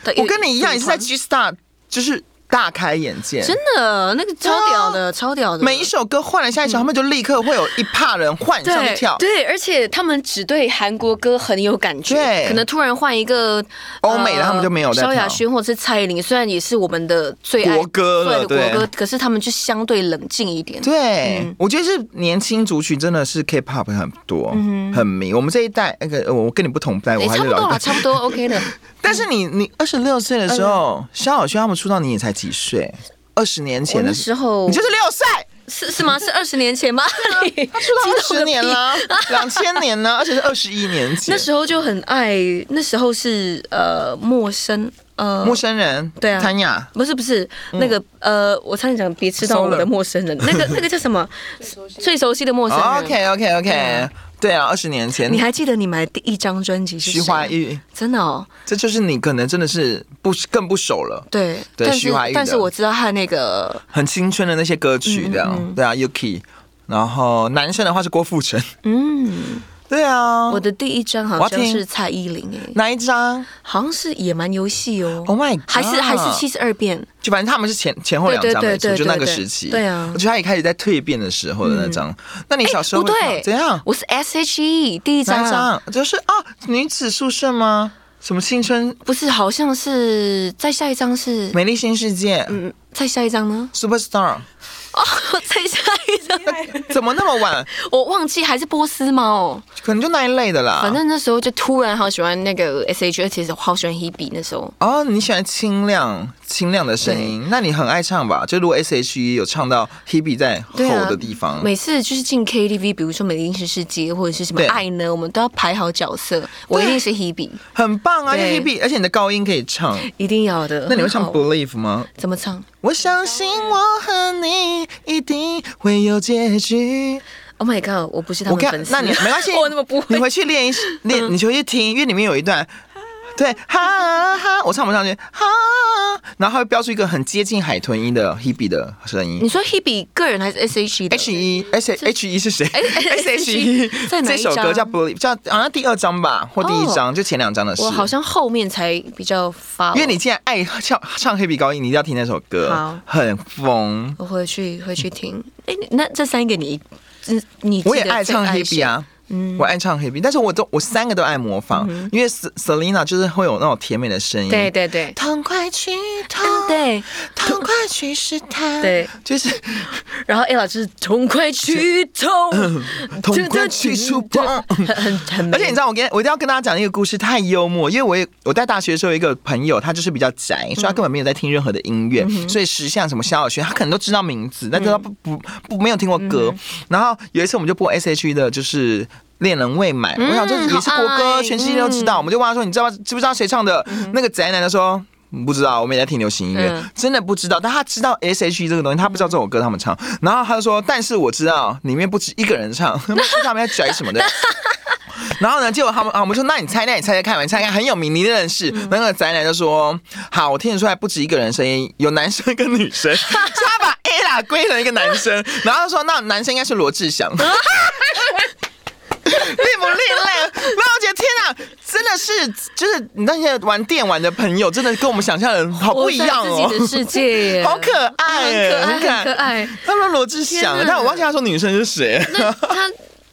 對，我跟你一樣，也是在 G Star，就是。大開眼界，真的那個超屌的，哦，超屌的。每一首歌換了下一首，他，嗯、們就立刻會有一趴人換上去跳，對。對，而且他們只對韓國歌很有感覺，對，可能突然換一個歐美的，他們就沒有。蕭亞軒或者蔡依林雖然也是我們的最愛，國歌，最愛的國歌，對，國歌，可是他們就相對冷靜一點。對、嗯，我覺得是年輕族群真的是 K-pop 很多，嗯，很迷。我們這一代，那、呃、個我跟你不同，但我還是老一、欸。差不多，差不多 OK 的。 [LAUGHS] 但是你你二十六歲的時候，蕭亞軒他們出道，你也才。幾歲？二十年前的、哦、時候，你就是六歲，是是嗎？是二十年前嗎？ [LAUGHS] 他出道二十年了，兩 [LAUGHS] 千年呢，年了 [LAUGHS] 而且是二十一年前。那時候就很愛，那時候是呃，陌生，呃，陌生人，對啊，譚雅，不是不是那個呃，我差點講別吃到我的陌生人，嗯、那個那個叫什麼？ [LAUGHS] 最熟悉的陌生人。Oh, OK OK OK、嗯。對啊，二十年前，你還記得你買第一張專輯是徐懷鈺？真的哦、喔，這就是你可能真的是不更不熟了。對，對，徐懷鈺。但是我知道他那個很青春的那些歌曲，這樣。嗯嗯，對啊，Yuki，然後男生的話是郭富城，嗯。對啊，我的第一張好像是,是蔡依林誒、欸，哪一張？好像是《野蠻遊戲》哦，哦、oh、my，還是還是《七十二變》？就反正他們是前前後兩張的，就那個時期。對,對,對,對,對,對啊，我覺得他一開始在蛻變的時候的那張、嗯。那你小時候對，怎樣？欸、我是 S H E 第一張、啊，就是啊，女子宿舍嗎？什麼青春？不是，好像是再下一張是《美麗新世界》，嗯，再下一張呢？Super Star。哦，再下一。 [LAUGHS] 怎麼那麼晚？我忘記還是波斯貓、哦，可能就那一類的啦。反正那時候就突然好喜歡那個 S H E，其實好喜歡 Hebe 那時候。哦，你喜歡清亮清亮的聲音，那你很愛唱吧？就如果 S H E 有唱到 Hebe 在吼的地方、啊，每次就是進 K T V，比如說《美麗新世界》或者是什麼《愛呢》，我們都要排好角色，我一定是 Hebe，很棒啊！因為 Hebe，而且你的高音可以唱，一定要的。那你會唱 Believe 嗎？怎麼唱？我相信我和你一定會有結局。Oh my god，我不是他們的粉絲。那你沒關係。 [LAUGHS] 你回去練一練，你回去聽， [LAUGHS] 因為裡面有一段。對，哈，啊、哈，我唱不上去，哈啊啊，然後它會標出一個很接近海豚音的 Hebe 的聲音。你說 Hebe 個人還是 S H E H E S H E 是誰 [LAUGHS] ？S H E 在哪這首歌叫，叫《b u l l y 叫好像第二張吧，或第一張，oh, 就前兩張的事。我好像後面才比較發、哦。因為你既然愛唱唱 Hebe 高音，你一定要聽那首歌，好，很瘋。我回去回去聽。哎，那這三個你只你我也愛唱 Hebe 啊。嗯，我愛唱 Hebe，但是我都我三個都愛模仿，嗯、因為 Selina 就是會有那種甜美的聲音。對對對，快痛快去痛，對，痛快去試探，對，就是。然後 A 老師，痛快去痛，痛快去觸碰。而且你知道，我跟我一定要跟大家講一個故事，太幽默。因為我也我在大學的時候有一個朋友，他就是比較宅，嗯、所以他根本沒有在聽任何的音樂。嗯、所以時下什麼肖小軒，他可能都知道名字，但是他不、嗯、不,不,不沒有聽過歌、嗯。然後有一次我們就播 SHE 的，就是。戀人未滿、嗯，我想這也是國歌，全世界都知道。嗯、我們就問他說：“你知道知不知道誰唱的、嗯？”那個宅男就說：“不知道，我們也在聽流行音樂、嗯，真的不知道。”但他知道 S H E 這個東西，他不知道這首歌他們唱。然後他就說：“但是我知道裡面不止一個人唱，嗯、 [LAUGHS] 他們在拽什麼的。 [LAUGHS] ”然後呢，結果他們啊，我們說：“那你猜那，那你猜猜看，你猜猜看很有名，你認識、嗯、那個宅男就說：“好，我聽得出來不止一個人聲音，有男生跟女生。 [LAUGHS] ”他把 Ella 歸了一個男生，然後就說：“那男生應該是羅志祥。 [LAUGHS] ” [LAUGHS] 厲不另類？不 [LAUGHS] 有，我覺得天啊，真的是就是那些玩電玩的朋友，真的跟我們想象的好不一樣哦。自己的世界 [LAUGHS] 好可愛、嗯、很可愛。他們羅志祥，但我忘記他說女生是誰。他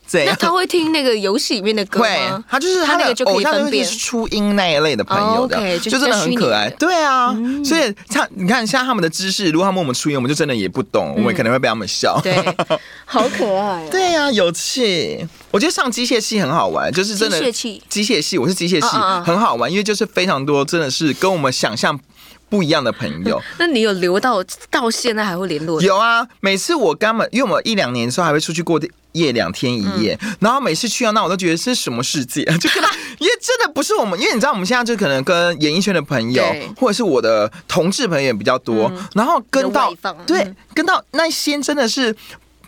怎？那他、 [LAUGHS] 啊、會聽那個遊戲裡面的歌對，他就是他那個偶像，一定是初音那一類的朋友的，就真的很可愛。對啊，對啊嗯、所以他你看，像他們的知識，如果他們問我們初音，我們就真的也不懂，嗯、我們可能會被他們笑。對，好可愛、啊。 [LAUGHS] 對啊，有趣。我覺得上機械系很好玩，就是真的機械，械系。我是機械系，uh, uh, uh. 很好玩，因為就是非常多，真的是跟我們想象不一樣的朋友。 [LAUGHS] 那你有留到到現在還會聯絡的？有啊，每次我根本因為我們一兩年的時候還會出去過夜兩天一夜、嗯，然後每次去啊，那我都覺得是什麼世界，就跟他 [LAUGHS] 因為真的不是我們，因為你知道我們現在就可能跟演藝圈的朋友，或者是我的同志朋友也比較多，嗯、然後跟到對、嗯，跟到那些真的是。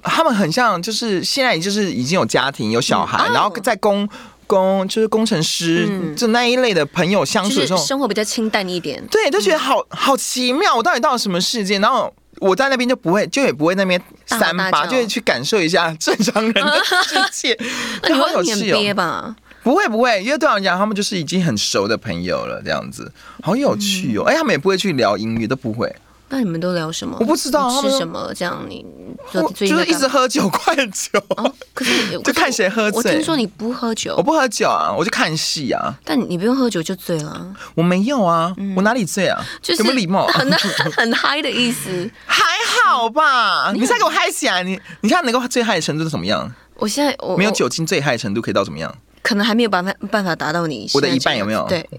他們很像，就是現在就是已經有家庭、有小孩，嗯、然後在工、嗯、工就是工程師、嗯，就那一類的朋友相處的時候，就是、生活比較清淡一點。對，就覺得好、嗯、好奇妙，我到底到了什麼世界？然後我在那邊就不會，就也不會那邊三八，就會去感受一下正常人的世界。 [LAUGHS] [LAUGHS] 就好有趣哦，憋吧！不會不會，因為對我講他們就是已經很熟的朋友了，這樣子好有趣哦。哎、嗯欸，他們也不會去聊音樂，都不會。那你們都聊什麼？我不知道吃什麼，這樣你就是一直喝酒灌酒、 [LAUGHS] 啊，可是就看誰喝醉我。我聽說你不喝酒，我不喝酒啊，我就看戲啊。但你不用喝酒就醉了？我沒有啊，嗯、我哪裡醉啊？什麼禮貌？很很嗨的意思？ [LAUGHS] 還好吧、嗯你？你再給我嗨起來！你你看那個最嗨的程度是怎麼樣？我現在我沒有酒精最嗨的程度可以到怎麼樣？可能還沒有辦法辦法達到你我的一半有沒有？對，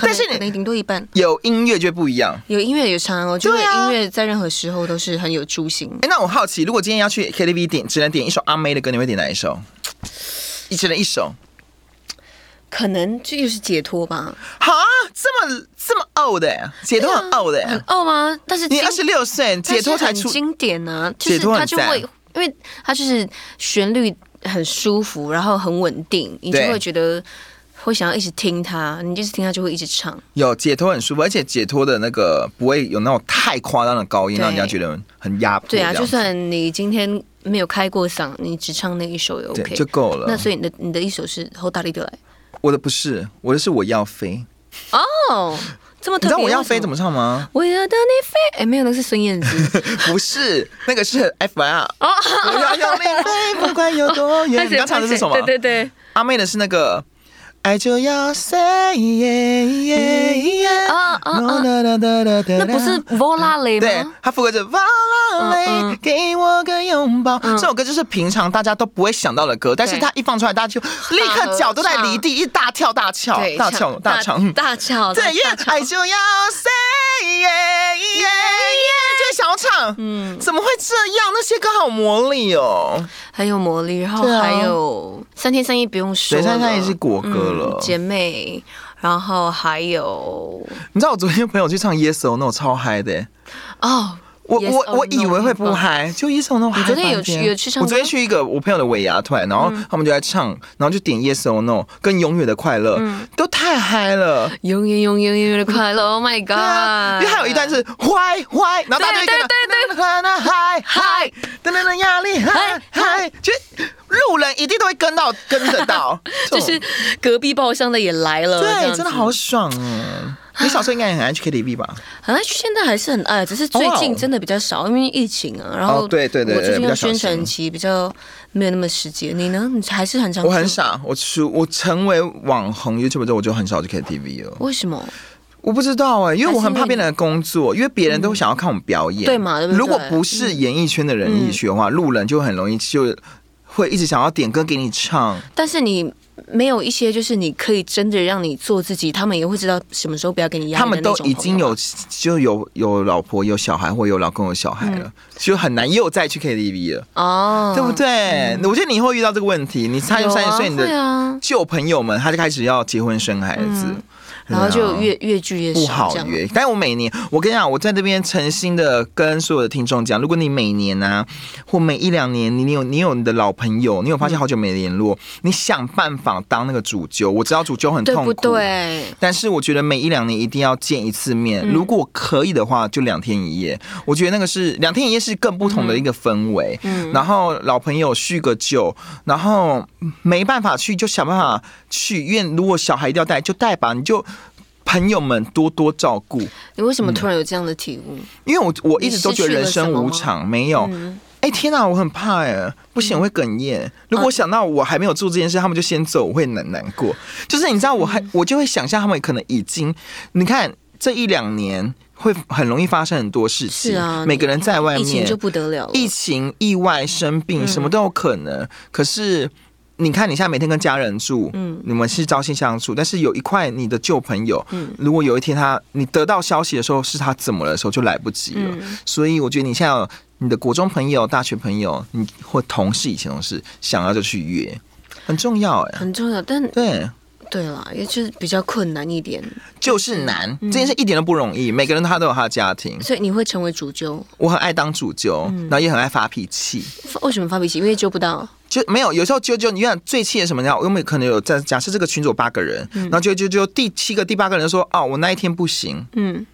但是你頂多一半。有音樂就不一樣，有音樂有唱，哦，我覺得音樂在任何時候都是很有助興。哎，欸，那我好奇，如果今天要去 KTV 點，只能點一首阿妹的歌，你會點哪一首？只能一首？可能這就是解脫吧。哈，這麼這麼 old 的，耶解脫很 old 的，啊，很 old 嗎，啊？但是你二十六歲，解脫才出經典呢。解脫就會因為他就是旋律。很舒服，然後很穩定，你就會覺得會想要一直聽它，你就一直聽它就會一直唱。有，解脫很舒服，而且解脫的那個不會有那種太誇張的高音，讓人家覺得很壓迫。對啊，就算你今天沒有開過嗓，你只唱那一首也 OK，就夠了。那所以你的你的一首是《Hold 後大力就來》，我的不是，我的是我要飛。哦、oh!。你知道我要飛怎麼唱嗎？我要帶你飛，哎， [MUSIC] 欸、沒有，那是孫燕姿， [LAUGHS] 不是，那個是 F.I.R. 啊。 [LAUGHS] 我要帶你飛，不管有多遠。你 [LAUGHS] 剛唱、哦、的是什麼？對對對，阿、啊、妹的是那個。愛就要 say yeah yeah yeah，那不是 Volare 嗎？對，他副歌是 Volare 給我個擁抱，嗯我個抱 [MUSIC] 嗯。這首歌就是平常大家都不會想到的歌，但是他一放出來，大家就立刻腳都在離地，一大跳大跳大跳大唱大跳。對，愛就要 say yeah yeah yeah，就、yeah. 小、yeah. 唱。嗯，怎麼會這樣？那些歌好魔力哦，很有魔力。然後還有三天三夜不用睡，三天三夜是國歌。姐妹，然後還有，你知道我昨天朋友去唱 Yes or No 超嗨的哦、欸，oh, 我、yes、我、no、我以為會不嗨、嗯，就 Yes or No 我。我昨天有去我昨天去一個我朋友的尾牙團，然後他們就在唱，然後就點 Yes or No，跟永遠的快樂、嗯，都太嗨了，永遠永遠永遠的快樂，Oh my god！、啊、因為還有一段是壞壞然後大家對對對對，那嗨嗨，那壓力嗨嗨，去。路人一定都會跟到，跟得到， [LAUGHS] 就是隔壁包廂的也來了。對，真的好爽哦、欸！你小時候應該也很愛去 KTV 吧？很、啊、愛，現在還是很愛，只是最近真的比較少，哦、因為疫情啊。然後、哦，對對對，我最近的宣傳期比較沒有那麼時間。你呢？你還是很常？我很少，我成我成為網紅 YouTube 之後，我就很少去 KTV 了。為什麼？我不知道哎、欸，因為我很怕變成工作，因為別人都會想要看我們表演，嗯、對嘛對對？如果不是演藝圈的人一起去的話、嗯，路人就很容易就。會一直想要點歌給你唱，但是你沒有一些，就是你可以真的讓你做自己，他們也會知道什麼時候不要給你壓力的那種朋友。他們都已經有，就有有老婆有小孩，或有老公有小孩了，嗯、就很難又再去 KTV 了，哦，對不對？嗯、我覺得你會遇到這個問題，你才三十歲，你的舊朋友們他就開始要結婚生孩子。嗯嗯然後就越越聚越少這樣。不好約。但我每年，我跟你講，我在這邊誠心的跟所有的聽眾講，如果你每年啊，或每一兩年，你你有你有你的老朋友，你有發現好久沒聯絡、嗯，你想辦法當那個主揪。我知道主揪很痛苦對不對，但是我覺得每一兩年一定要見一次面，嗯、如果可以的話，就兩天一夜。我覺得那個是兩天一夜是更不同的一個氛圍、嗯，然後老朋友敘個舊，然後沒辦法去就想辦法去，因為如果小孩一定要帶就帶吧，你就。朋友們多多照顧。你為什麼突然有這樣的體悟？嗯、因為我我一直都覺得人生無常，沒有。哎、嗯欸、天哪、啊，我很怕哎，不行、嗯，我會哽咽。如果想到我還沒有做這件事、嗯，他們就先走，我會很難難過。就是你知道，我還、嗯、我就會想象他們可能已經，你看這一兩年會很容易發生很多事情。啊、每個人在外面疫情，就不得了了，疫情意外、生病什麼都有可能。嗯、可是，你看，你現在每天跟家人住，嗯，你們是朝夕相處，嗯，但是有一塊你的舊朋友，嗯，如果有一天他你得到消息的時候是他怎麼的時候就來不及了，嗯，所以我覺得你現在你的國中朋友、大學朋友，你或同事、以前同事，想要就去約，很重要哎，欸，很重要，但對對啦，也就是比較困難一點，就是難，這件事一點都不容易，每個人他都有他的家庭，所以你會成為主揪。我很愛當主揪，嗯，然後也很愛發脾氣。為什麼發脾氣？因為揪不到。就沒有，有時候就就你講最氣的什麼，有沒有可能有，在假設這個群組八個人，嗯、然後就就就第七個、第八個人說哦，我那一天不行。嗯，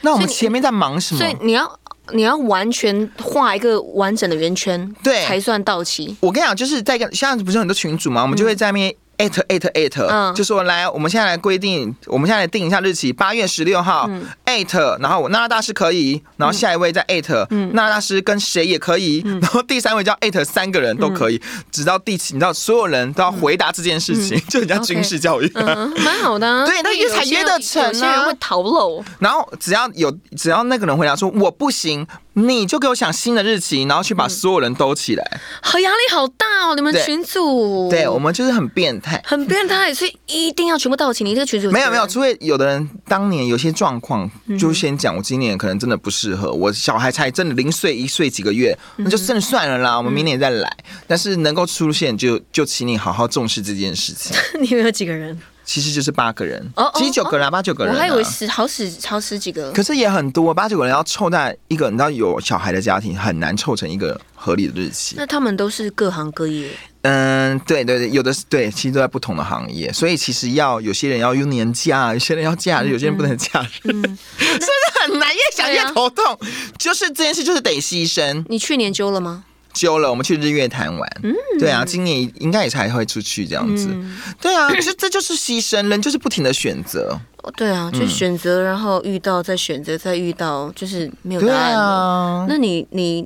那我們前面在忙什麼？所以，所以你要你要完全畫一個完整的圓圈，對，才算到齊。我跟你講，就是在像不是很多群組嘛，我們就會在那邊、嗯。嗯 at at at，、嗯、就說來，我們現在來規定，我們現在來定一下日期，八月十六號、嗯、，at，然後我娜娜大師可以，然後下一位再 at，娜、嗯、娜大師跟誰也可以、嗯，然後第三位叫要 at 三個人都可以、嗯，直到第七，你知道所有人都要回答這件事情，嗯、就人家軍事教育，蠻、嗯 okay, [LAUGHS] uh -huh, 好的、啊， [LAUGHS] 對，那約才約得成呢、啊，有些人會逃漏，然後只要有只要那個人回答說我不行。你就給我想新的日期，然後去把所有人都起來，好、嗯、壓、哦、力好大哦！你們群主，對，我們就是很變態，很變態，所以一定要全部到齊，你這個群主，沒有沒有，除非有，有的人當年有些狀況，就先講，我今年可能真的不適合、嗯，我小孩才真的零歲一歲幾個月，那就算了算了啦，我們明年也再來、嗯。但是能夠出現就，就就請你好好重視這件事情。 [LAUGHS] 你沒有幾個人？其實就是八個人哦，七九個人，八、oh, 九、oh, 個人、啊，我還以為十好十超十幾個、啊。Oh, 可是也很多，八九個人要湊在一個，你知道有小孩的家庭很難湊成一個合理的日期。那他們都是各行各業？嗯，對對對，有的是，對，其實都在不同的行業，所以其實要有些人要用年假，有些人要假日，有些人不能假日，嗯嗯、 [LAUGHS] 是不是很難？越想越頭痛，啊、就是這件事就是得犧牲。你去年揪了嗎？修了，我們去日月潭玩。嗯，對啊，今年應該也才會出去這樣子。嗯、對啊，就是這就是犧牲，人就是不停的選擇。對啊，就是、選擇、嗯，然後遇到，再選擇，再遇到，就是沒有答案。對啊，那你你，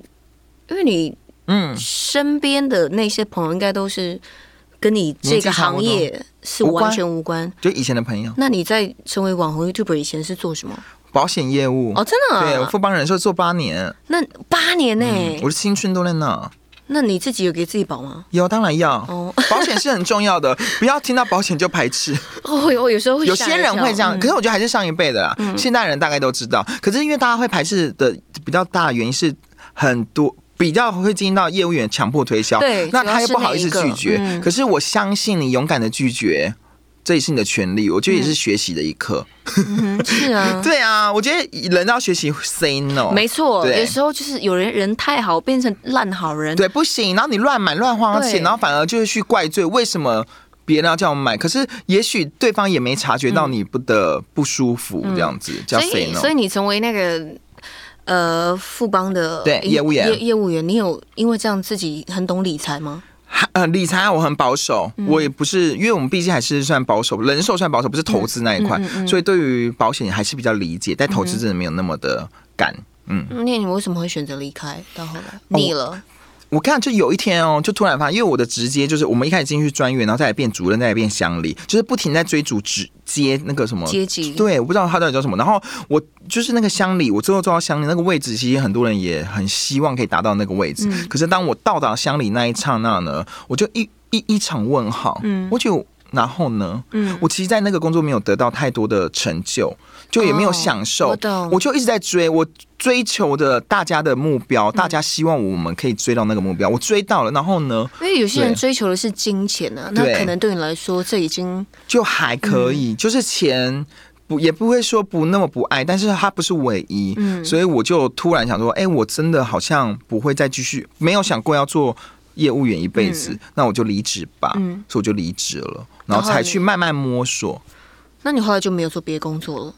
因為你嗯身邊的那些朋友應該都是跟你這個行業是完全無關，就以前的朋友。那你在成為網紅 YouTuber 以前是做什麼？嗯保險業務哦，oh, 真的、啊、對我富邦人壽做八年，那八年呢、嗯，我的青春都在那。那你自己有給自己保嗎？有，當然要。哦、oh. [LAUGHS] 保險是很重要的，不要聽到保險就排斥。哦，有有時候會，有些人會這樣、嗯，可是我覺得還是上一輩的啦、嗯。現代人大概都知道，可是因為大家會排斥的比較大的原因是很多比較會進行到業務員強迫推銷，對，那他又不好意思拒絕、嗯。可是我相信你勇敢的拒絕。這也是你的權利，我覺得也是學習的一課。嗯 [LAUGHS] 嗯哼，是啊， [LAUGHS] 對啊，我覺得人要學習 say no 沒。沒錯，有時候就是有人人太好，變成爛好人。對，不行，然後你亂買亂花錢，然後反而就是去怪罪為什麼別人要叫我買。可是也許對方也沒察覺到你不得不舒服這樣子。嗯、叫 say no。所以，所以你成為那個呃富邦的，對，業務員。業，業務員，你有因為這樣自己很懂理財嗎？呃，理財我很保守，嗯，我也不是，因為我們畢竟還是算保守，人壽算保守，不是投資那一塊，嗯嗯嗯嗯，所以對於保險還是比較理解，但投資真的沒有那麼的敢，嗯。嗯，那你為什麼會選擇離開？到後來膩了。哦我看就有一天哦，就突然發現，因為我的直接就是我們一開始進去專員，然後再來變主任，再來變鄉里，就是不停在追逐直接那個什麼階級。對，我不知道他到底叫什麼。然後我就是那個鄉里，我最後做到鄉裡那個位置，其實很多人也很希望可以達到那個位置。嗯。可是當我到達鄉裡那一剎那呢，我就一一一,一場問號。嗯。我就然後呢？嗯。我其實在那個工作沒有得到太多的成就。就也沒有享受，oh, 我就一直在追我追求的大家的目標，嗯，大家希望我們可以追到那個目標，我追到了。然後呢？因為有些人追求的是金錢啊，那可能對你來說，這已經就還可以，嗯，就是錢不也不會說不那麼不愛，但是它不是唯一，嗯，所以我就突然想說，哎，欸，我真的好像不會再繼續，沒有想過要做業務員一輩子，嗯，那我就離職吧。嗯，所以我就離職了，然後才去慢慢摸索。嗯，那你後來就沒有做別的工作了？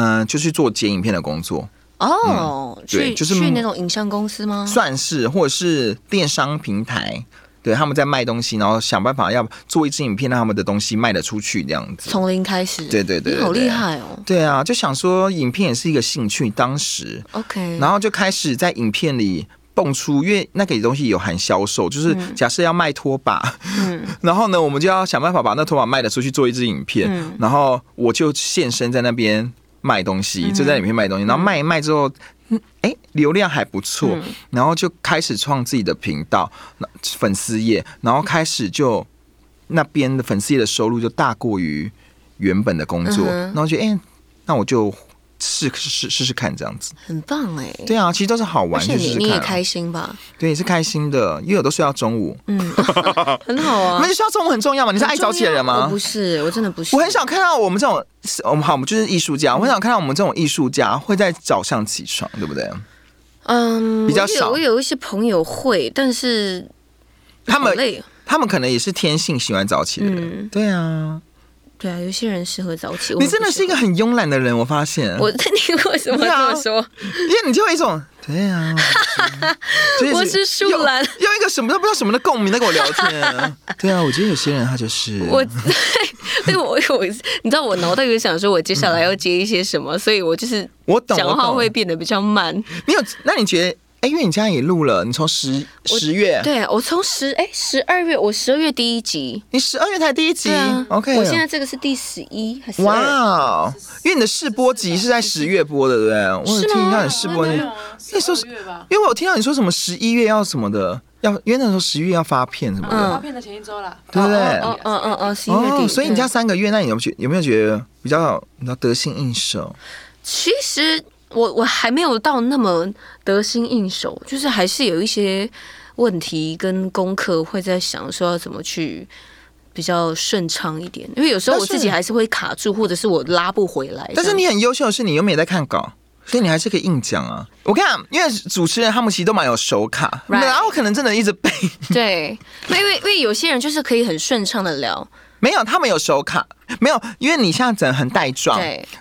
嗯、呃，就去做剪影片的工作哦、oh, 嗯。對，就是去那種影像公司嗎？算是，或者是電商平台。對，他們在賣東西，然後想辦法要做一支影片，讓他們的東西賣得出去這樣子。從零開始，對對對，對，對，對，對，好厲害哦。對啊，就想說影片也是一個興趣。當時 OK，然後就開始在影片裡蹦出，因為那個東西有含銷售，就是假設要賣拖把，嗯、 [LAUGHS] 然後呢，我們就要想辦法把那拖把賣得出去，做一支影片、嗯。然後我就現身在那邊。賣東西就在裡面賣東西、嗯，然後賣一賣之後，哎、欸，流量還不錯，然後就開始創自己的頻道、粉絲頁，然後開始就那邊的粉絲頁的收入就大過於原本的工作，嗯、然後就，哎、欸，那我就。試試試試看，這樣子很棒，哎、欸！對啊，其實都是好玩，就是你也開心吧？對，也是開心的，因為我都睡到中午，嗯， [LAUGHS] 很好啊，那就睡到中午很重要嘛？你是愛早起的人嗎？我不是，我真的不是。我很少看到我們這種，我們好，我們就是藝術家、嗯，我很少看到我們這種藝術家會在早上起床，對不對？嗯，比較少。我有，我有一些朋友會，但是他們累，他們可能也是天性喜歡早起的人，嗯、對啊。對啊，有些人適合早起。你真的是一個很慵懶的人，我發現。我那你為什麼要說、啊？因為你就一種，對啊。我是樹懶。用 [LAUGHS] 一個什麼都不知道什麼的共鳴在跟我聊天、啊。對啊，我覺得有些人他就是。我，對我，有一次，你知道，我腦袋有想說我接下來要接一些什麼， [LAUGHS] 所以我就是我懂，講話會變得比較慢。你有？那你覺得？哎、欸，因為你家也錄了，你從十十月，對我從十哎十二月，我十二月第一集，你十二月才第一集，嗯，OK，我現在這個是第十一還是？哇，因為你的試播集是在十月播的，播的對不對？我有聽到你試播，那你說是，因為我聽到你說什麼十一月要什麼的，要因為那時候十一月要發片什麼的，發片的前一週啦，對不對？嗯嗯嗯，十一月第一，oh, 所以你家三個月，嗯、那你有沒有覺有沒有覺得比較比較得心應手？其實。我我還沒有到那麼得心應手，就是還是有一些問題跟功課會在想說要怎麼去比較順暢一點，因為有時候我自己還是會卡住，或者是我拉不回來。但是你很優秀的是你有沒有在看稿？所以你還是可以硬講啊！我看，因為主持人他們其實都蠻有手卡，right, 然後可能真的一直背。 [LAUGHS] 對，因為因為有些人就是可以很順暢的聊。沒有，他們有手卡，沒有，因為你現在整得很帶狀，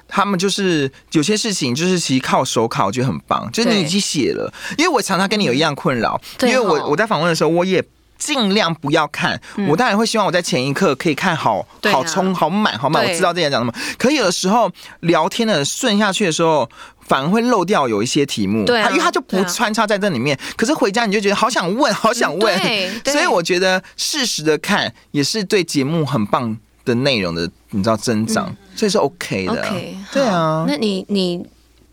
他們就是有些事情就是其實靠手卡就很棒，就是你已經寫了，因為我常常跟你有一樣困擾，對哦、因為我我在訪問的時候我也。盡量不要看，嗯，我當然會希望我在前一刻可以看好，嗯，好充好滿好滿，啊，我知道這樣講什麼。可有的時候聊天的順下去的時候，反而會漏掉有一些題目，對，啊，因為他就不穿插在這裡面、啊。可是回家你就覺得好想問，好想問，嗯，對，對，所以我覺得適時的看也是對節目很棒的內容的，你知道增長，嗯，所以是 OK 的，okay, 對啊。那你你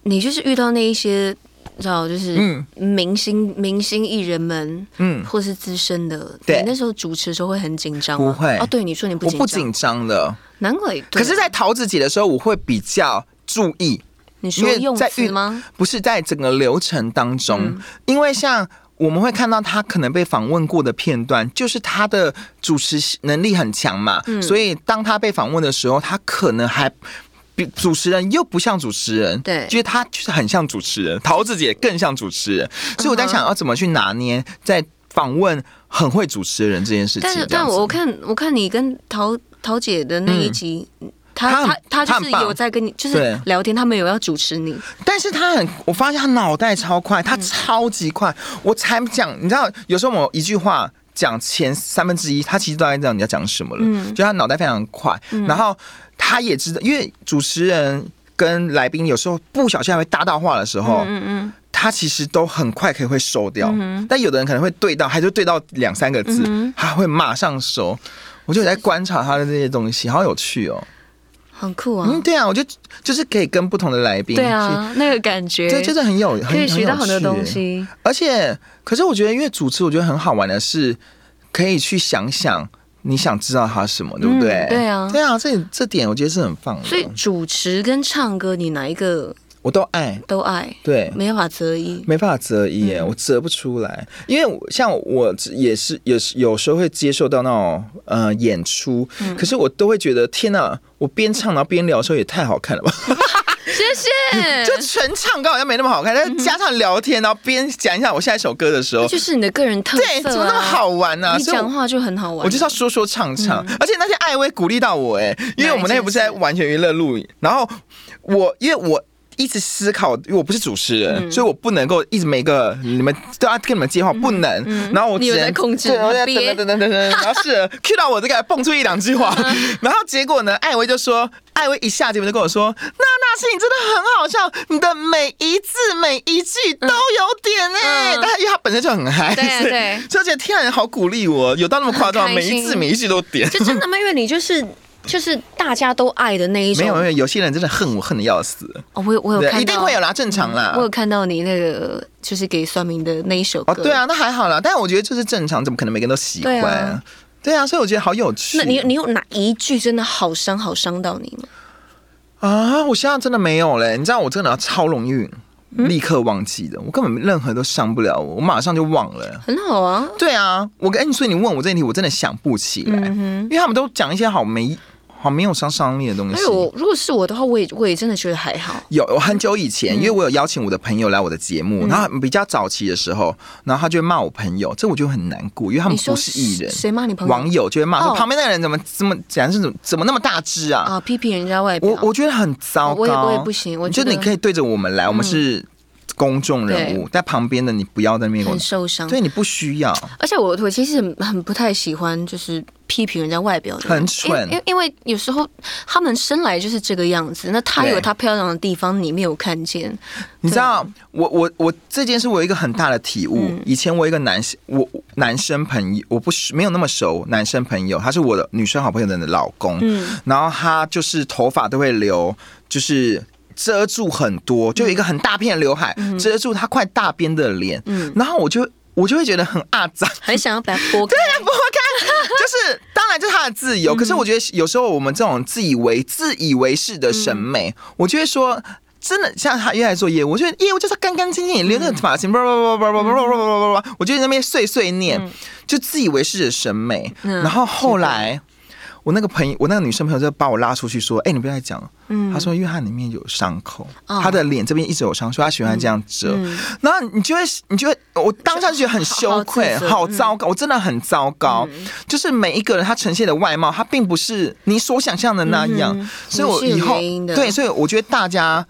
你就是遇到那一些。你知道，就是明星、嗯、明星藝人們，嗯，或是資深的，對，你那時候主持的時候會很緊張嗎？不會哦。對，你說你不緊張了，難怪。可是在陶子姐的時候，我會比較注意，你說用詞嗎？不是，在整個流程當中、嗯，因為像我們會看到他可能被訪問過的片段，就是他的主持能力很強嘛、嗯，所以當他被訪問的時候，他可能還。主持人又不像主持人，對，就是他就是很像主持人。陶子姐更像主持人，嗯，所以我在想要怎麼去拿捏，在訪問很會主持人這件事情。但是我看我看你跟陶陶姐的那一集，嗯，他他他，他是有在跟你就是聊天，他沒有要主持你，但是他很，我發現他腦袋超快，嗯，他超級快，我才講，你知道，有時候某一句話。講前三分之一，他其實大概知道你要講什麼了，嗯、就他腦袋非常快、嗯，然後他也知道，因為主持人跟來賓有時候不小心還會搭到話的時候嗯嗯，他其實都很快可以會收掉、嗯，但有的人可能會對到，他就對到兩三個字、嗯，他會馬上收。我就有在觀察他的這些東西，好有趣哦。很酷啊！嗯，對啊，我就就是可以跟不同的來賓，對啊，那個感覺，對，就是很有，可以學到很多東西。而且，可是我覺得，因為主持，我覺得很好玩的是，可以去想想你想知道他什麼，對不對？嗯、對啊，對啊，這這點我覺得是很棒的。所以，主持跟唱歌，你哪一個？我都愛，都愛，對，沒法擇一，沒辦法擇一耶、嗯，我擇不出來。因為像我也是有有時候會接受到那種呃演出，嗯，可是我都會覺得天哪，我邊唱然後邊聊的時候也太好看了吧？嗯、 [LAUGHS] 謝謝。就純唱歌好像沒那麼好看，但是，嗯，加上聊天，然後邊講一下我下一首歌的時候，就是你的個人特色。啊，怎麼那麼好玩呢？啊？你講話就很好玩，我，我就要說說唱唱，嗯、而且那天艾薇鼓勵到我，哎，因為我們那天不是在完全娛樂錄影，然後我因為我。一直思考，因為我不是主持人，嗯、所以我不能夠一直每個你們、嗯、都要跟你們接話，嗯、不能、嗯。然後我只能你有人在控制我在等等等等，然後是試 [LAUGHS] Q 到我這個蹦出一兩句話、嗯，然後結果呢？艾薇就說，艾薇一下節目就跟我說：“嗯、那那，是你真的很好笑，你的每一字每一句都有點哎。嗯嗯”但是因為他本身就很嗨，嗯、所以對就、啊啊、覺得天啊你好鼓勵我，有到那麼誇張，每一字每一句都點，就真的嗎？ [LAUGHS] 因為你就是。就是大家都愛的那一首，沒有，沒有，有些人真的恨我，恨得要死。哦，我有，我有看到，一定會有啦，正常啦。我有看到你那個，就是給算命的那一首歌。哦，對啊，那還好啦，但我覺得就是正常，怎麼可能每個人都喜歡對啊？對啊，所以我覺得好有趣。那你，你有哪一句真的好傷、好傷到你嗎？啊，我現在真的沒有嘞。你知道我真的超容易、嗯、立刻忘記的，我根本任何都傷不了我，我馬上就忘了。很好啊。對啊，我跟你說，欸、所以你問我這題，我真的想不起來，嗯、因為他們都講一些好沒。好沒有殺傷力的東西。哎，我如果是我的話，我也我也真的覺得還好。有很久以前、嗯，因為我有邀請我的朋友來我的節目、嗯，然後比較早期的時候，然後他就會罵我朋友，這我覺得很難過，因為他們不是藝人。誰罵你朋友？網友就會罵說旁邊的人怎麼這麼簡直是怎麼怎麼那麼大只啊！啊、哦，批評人家外表。我我覺得很糟糕。我也我也不行。我覺得就你可以對着我們來，我們是、嗯。公眾人物，在旁邊的你不要在面很受傷，所以你不需要。而且我我其實很很不太喜歡，就是批評人家外表對對，很蠢，因、欸、因為有時候他們生來就是這個樣子。那他有他漂亮的地方你沒有看見，你知道？我我我這件事我有一個很大的體悟。嗯、以前我一個男我，我男生朋友，我不是沒有那麼熟，男生朋友他是我的女生好朋友的老公，嗯、然後他就是頭髮都會留，就是。遮住很多，就有一個很大片的劉海、嗯、遮住他快大邊的臉，嗯，然後我就我就會覺得很阿髒，很想要把它撥開，對，撥開，就是當然就是他的自由、嗯，可是我覺得有時候我們這種自以為自以為是的審美，嗯、我就會說，真的像他原來越做業務，我覺得業務就是干干淨淨，留那個髮型，不不不不不不不，我就在那邊碎碎念，嗯、就自以為是的審美，嗯、然後後來。我那個朋友，我那個女生朋友就把我拉出去說：“哎、欸，你不要再講了。嗯”她說：“因為她裡面有傷口，她、哦、的臉這邊一直有傷，所以她喜歡這樣遮。嗯”然後、嗯、你就會，你就會，我當下就覺得很羞愧，好，好，好糟糕、嗯，我真的很糟糕、嗯。就是每一個人他呈現的外貌，他並不是你所想象的那樣，嗯、所以，我以後對，所以我覺得大家。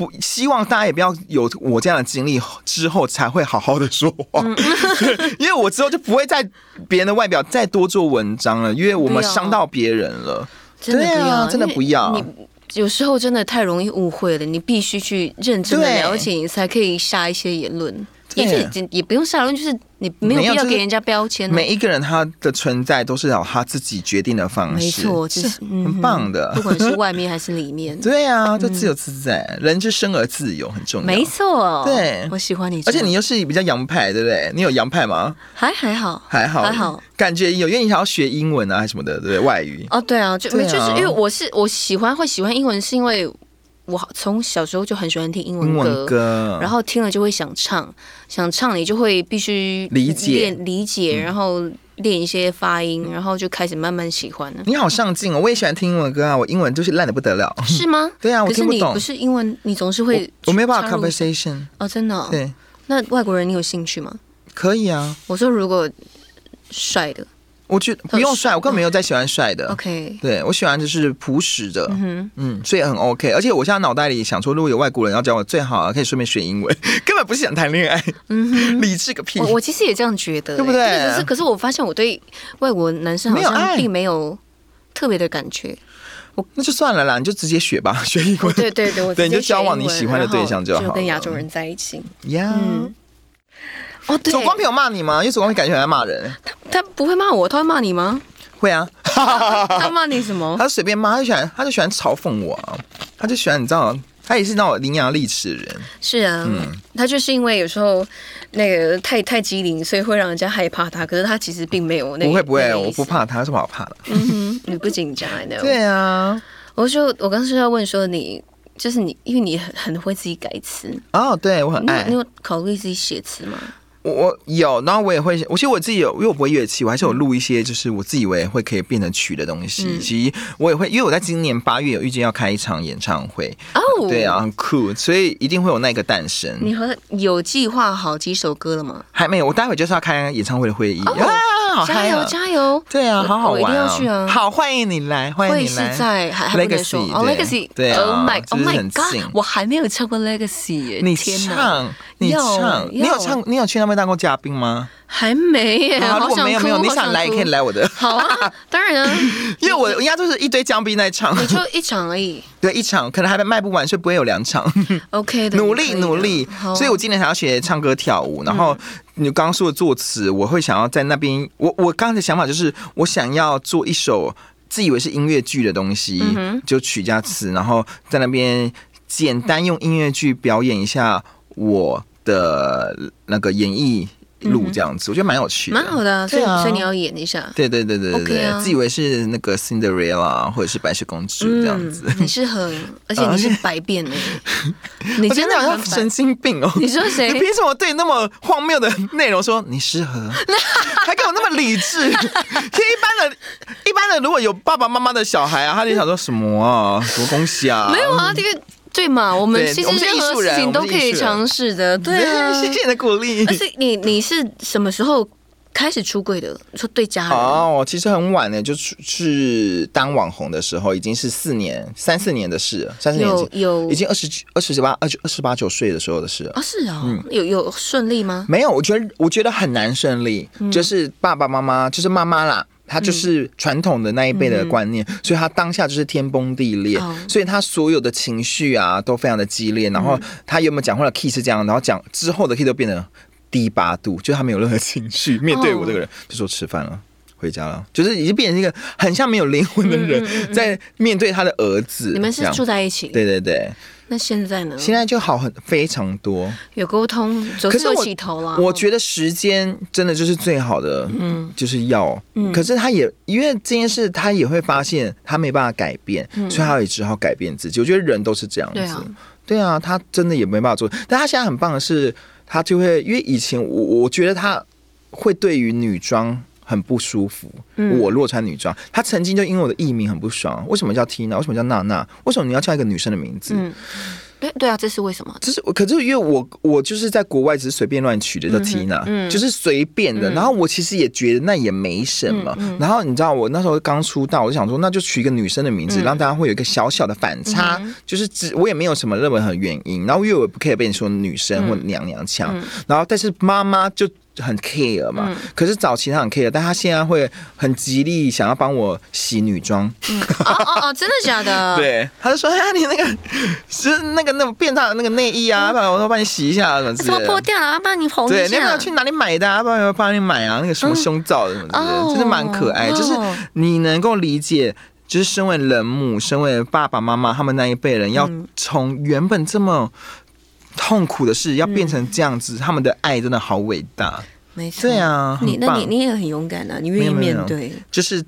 不希望大家也不要有我這樣的經歷之後才會好好的說話 [LAUGHS] [LAUGHS] 因為我之後就不會在別人的外表再多做文章了，因為我們傷到別人了，真的不要，對啊、真的不要。你有時候真的太容易誤會了，你必須去認真的了解你，你才可以下一些言論。也就是、也不用下論，就是你沒有必要給人家標籤、哦就是。每一個人他的存在都是要他自己決定的方式，沒錯，就是，是、嗯、很棒的，不管是外面還是裡面。 [LAUGHS] 對啊，就自由自在，嗯、人是生而自由很重要。沒錯、哦，對，我喜歡你。而且你又是比較洋派，對不對？你有洋派嗎？還還好，還好，還好，感覺有，願意你還要學英文啊，還是什麼的，對，對外語。哦，對啊，就啊就是因為我是我喜歡會喜歡英文，是因為。我從小時候就很喜歡聽英文歌，英文歌，然後聽了就會想唱，想唱你就會必須練理解練，理解，然後練一些發音、嗯，然後就開始慢慢喜歡了。你好上進哦，我也喜歡聽英文歌啊，我英文就是爛的不得了，是嗎？ [LAUGHS] 對啊，我聽不懂。可是你不是英文，你總是會我，我沒辦法 conversation 哦，真的、哦。對，那外國人你有興趣嗎？可以啊，我說如果帥的。我覺得不用帥，我根本沒有在喜歡帥的。嗯、對 OK，對我喜歡就是樸實的，嗯、mm -hmm. 嗯，所以很 OK。而且我現在腦袋裡想說，如果有外國人要交往，最好啊可以順便學英文，根本不是想談戀愛。Mm -hmm. 理智個屁。我，我其實也這樣覺得、欸，對不對？可、就是，可是我發現我對外國男生好像並沒有特別的感覺。那就算了啦，你就直接學吧，學英文。Oh, 對對對，我對，你就交往你喜歡的對象就好，就跟亞洲人在一起。y、yeah. 嗯哦、oh,，左光平有罵你嗎？因為左光平感覺好像在罵人。他他不會罵我，他會罵你嗎？會啊。他，他罵你什麼？他隨便罵，他就喜歡，他就喜歡嘲諷我、啊。他就喜歡，你知道，他也是那種伶牙俐齒的人。是啊、嗯，他就是因為有時候那個太太機靈，所以會讓人家害怕他。可是他其實並沒有那不會不會、那個，我不怕他，是不是好怕的？嗯哼，你不緊張？ [LAUGHS] 對啊。我就我剛是要問說你，你就是你，因為你很很會自己改詞。哦、oh,，對我很愛你。你有考慮自己寫詞嗎？我有，然後我也會，我其實我自己有，因為我不會樂器，我還是有錄一些，就是我自己以為會可以變成曲的東西，以、嗯、及我也會，因為我在今年八月有預計要開一場演唱會，哦、嗯，對啊，很酷，所以一定會有那個誕生。你和有計劃好幾首歌了嗎？還沒有，我待會就是要開演唱會的會議。哇、哦啊啊啊啊，加油加油！對啊，好好玩啊！我我一定要去啊，好歡迎你來，歡迎你來。會是在 Legacy，Legacy，、oh, Legacy. 對，對、啊、，Oh my，Oh my God，我還沒有唱過 Legacy，耶你唱。你唱，你有唱，你有去那邊當過嘉賓嗎？還沒耶。好，、啊好，如果沒有，沒有你想來也可以來我的。 [LAUGHS] 好啊，當然啊。 [LAUGHS] 因為我應該就是一堆嘉賓在唱，你就一場而已。 [LAUGHS] 對，一場，可能還賣不完，所以不會有兩場。 [LAUGHS] OK 的，努力努力。所以，我今年想要學唱歌跳舞。然後，你剛剛說的作詞，我會想要在那邊、嗯。我我剛才想法就是，我想要做一首自以為是音樂劇的東西，嗯、就曲加詞，然後在那邊簡單用音樂劇表演一下我的那個演藝路這樣子，嗯、我覺得蠻有趣的，蠻好的、啊。所以對、啊、所以你要演一下，對對對對對，對，對、okay 啊、自以為是那個 Cinderella 或者是白雪公主這樣子，嗯、你適合，而且你是百變的，你真的很好像神經病哦、喔！你說誰？你憑 [LAUGHS] 什麼對那麼荒謬的內容說你適合？ [LAUGHS] 還給我那麼理智？ [LAUGHS] 一般的，一般的，如果有爸爸媽媽的小孩啊，他就想說什麼啊？多恭喜啊！沒有啊，這個。對嘛，我們其實任何事情我們是藝術人都可以嘗試的。對啊，謝謝你的鼓勵。而且你你是什麼時候開始出櫃的？說對家人哦，其實很晚呢，就是當網紅的時候，已經是四年三四年的事了，三四年有有已經二十九、二十八二九二十八九歲的時候的，時候的事啊，是啊，嗯、有有順利嗎？沒有，我覺得我覺得很難順利、嗯，就是爸爸媽媽，就是媽媽啦。他就是傳統的那一輩的觀念、嗯嗯，所以他當下就是天崩地裂，所以他所有的情緒啊都非常的激烈。然後他原本講話的 key 是這樣，然後講之後的 key 都變得低八度，就他沒有任何情緒面對我這個人、哦、就說吃飯了。回家了，就是已經變成一個很像沒有靈魂的人，在面對他的兒子嗯嗯嗯。你們是住在一起？對對對。那現在呢？現在就好很，很非常多，有溝通走有起，可是起頭了。我覺得時間真的就是最好的，嗯，就是要，嗯、可是他也因為這件事，他也會發現他沒辦法改變、嗯，所以他也只好改變自己。我覺得人都是這樣子，對啊，對啊，他真的也沒辦法做。但他現在很棒的是，他就會因為以前我我覺得他會對於女裝。很不舒服。嗯、我若穿女裝，他曾經就因為我的藝名很不爽。為什麼叫緹娜、娜？為什麼叫娜娜？為什麼你要叫一個女生的名字？嗯、對、對啊，這是為什麼？就是，可是因為我我就是在國外只是隨便亂取的叫緹娜，就是隨便的。然後我其實也覺得那也沒什麼。嗯、然後你知道我那時候剛出道，我就想說那就取一個女生的名字、嗯，讓大家會有一個小小的反差。嗯、就是只我也沒有什麼任何原因。嗯、然後因為我不可以被你說女生或娘娘腔、嗯。然後但是媽媽就。很 care 嘛、嗯，可是早期他很 care，但他現在會很極力想要幫我洗女裝、嗯。哦哦哦，真的假的？ [LAUGHS] 對，他就說：“哎、啊、呀，你那個、就是那個那種變態的那個內衣、那個、啊、嗯，我都幫你洗一下、啊、什麼之類的。”怎麼掉啊，幫、啊、你縫一、啊、對，那個去哪裡買的、啊？我幫你，你買啊，那個什麼胸罩的什麼之類的，真的蠻可愛的、哦。就是你能夠理解，就是身為人母，哦、身為爸爸媽媽，他們那一輩人要從原本這麼。痛苦的是要變成這樣子，嗯、他們的愛真的好偉大，沒錯，對啊，你那你你也很勇敢啊，你願意面對，沒有沒有，就是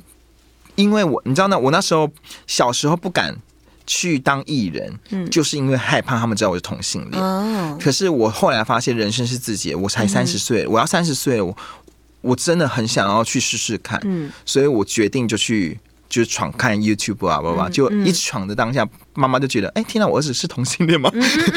因為我你知道那我那時候小時候不敢去當藝人，嗯，就是因為害怕他們知道我是同性戀，哦。可是我後來發現人生是自己，我才三十歲，我要三十歲，我我真的很想要去試試看，嗯，嗯，所以我決定就去。就闖看 YouTube 啊，爸、嗯、爸、嗯、就一直闖着當下，媽媽就覺得，哎、欸，天哪，我兒子是同性戀嗎？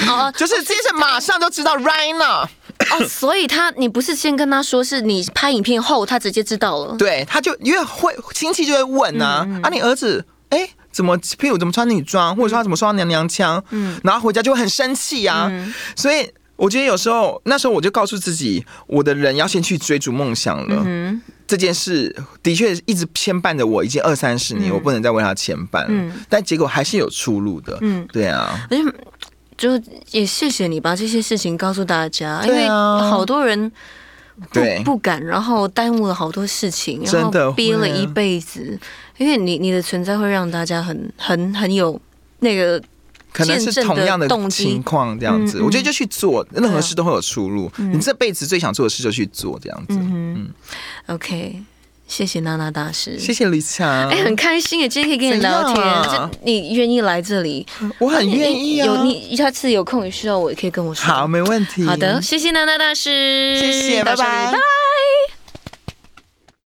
啊、嗯， [LAUGHS] 就是，接著馬上就知道 right now、哦、 [LAUGHS] 所以他，你不是先跟他說，是你拍影片後，他直接知道了。對，他就因為會親戚就會問啊，嗯嗯、啊，你兒子，哎、欸，怎麼，譬如怎麼穿女裝，或者說他怎麼說娘娘腔，嗯，然後回家就會很生氣啊，所以。我覺得有時候那時候我就告訴自己，我的人要先去追逐夢想了，嗯。這件事的確一直牽絆着我，已經二三十年，嗯，我不能再為他牽絆、嗯，但結果還是有出路的，嗯，對啊。而且就也謝謝你把這些事情告訴大家，啊，因為好多人不對不敢，然後耽誤了好多事情，然後真的憋了一輩子。因為你你的存在會讓大家很很很有那個。可能是同樣的情況這樣子、嗯嗯，我覺得就去做、嗯，任何事都會有出入。嗯、你這輩子最想做的事就去做，這樣子。嗯，嗯，OK，謝謝那那大師，謝謝呂薔，哎、欸，很開心哎，今天可以跟你聊天，啊、你願意來這裡，嗯、我很願意啊。啊你、欸、有你下次有空有需要，我也可以跟我說。好，沒問題。好的，謝謝那那大師，謝謝，拜拜。Bye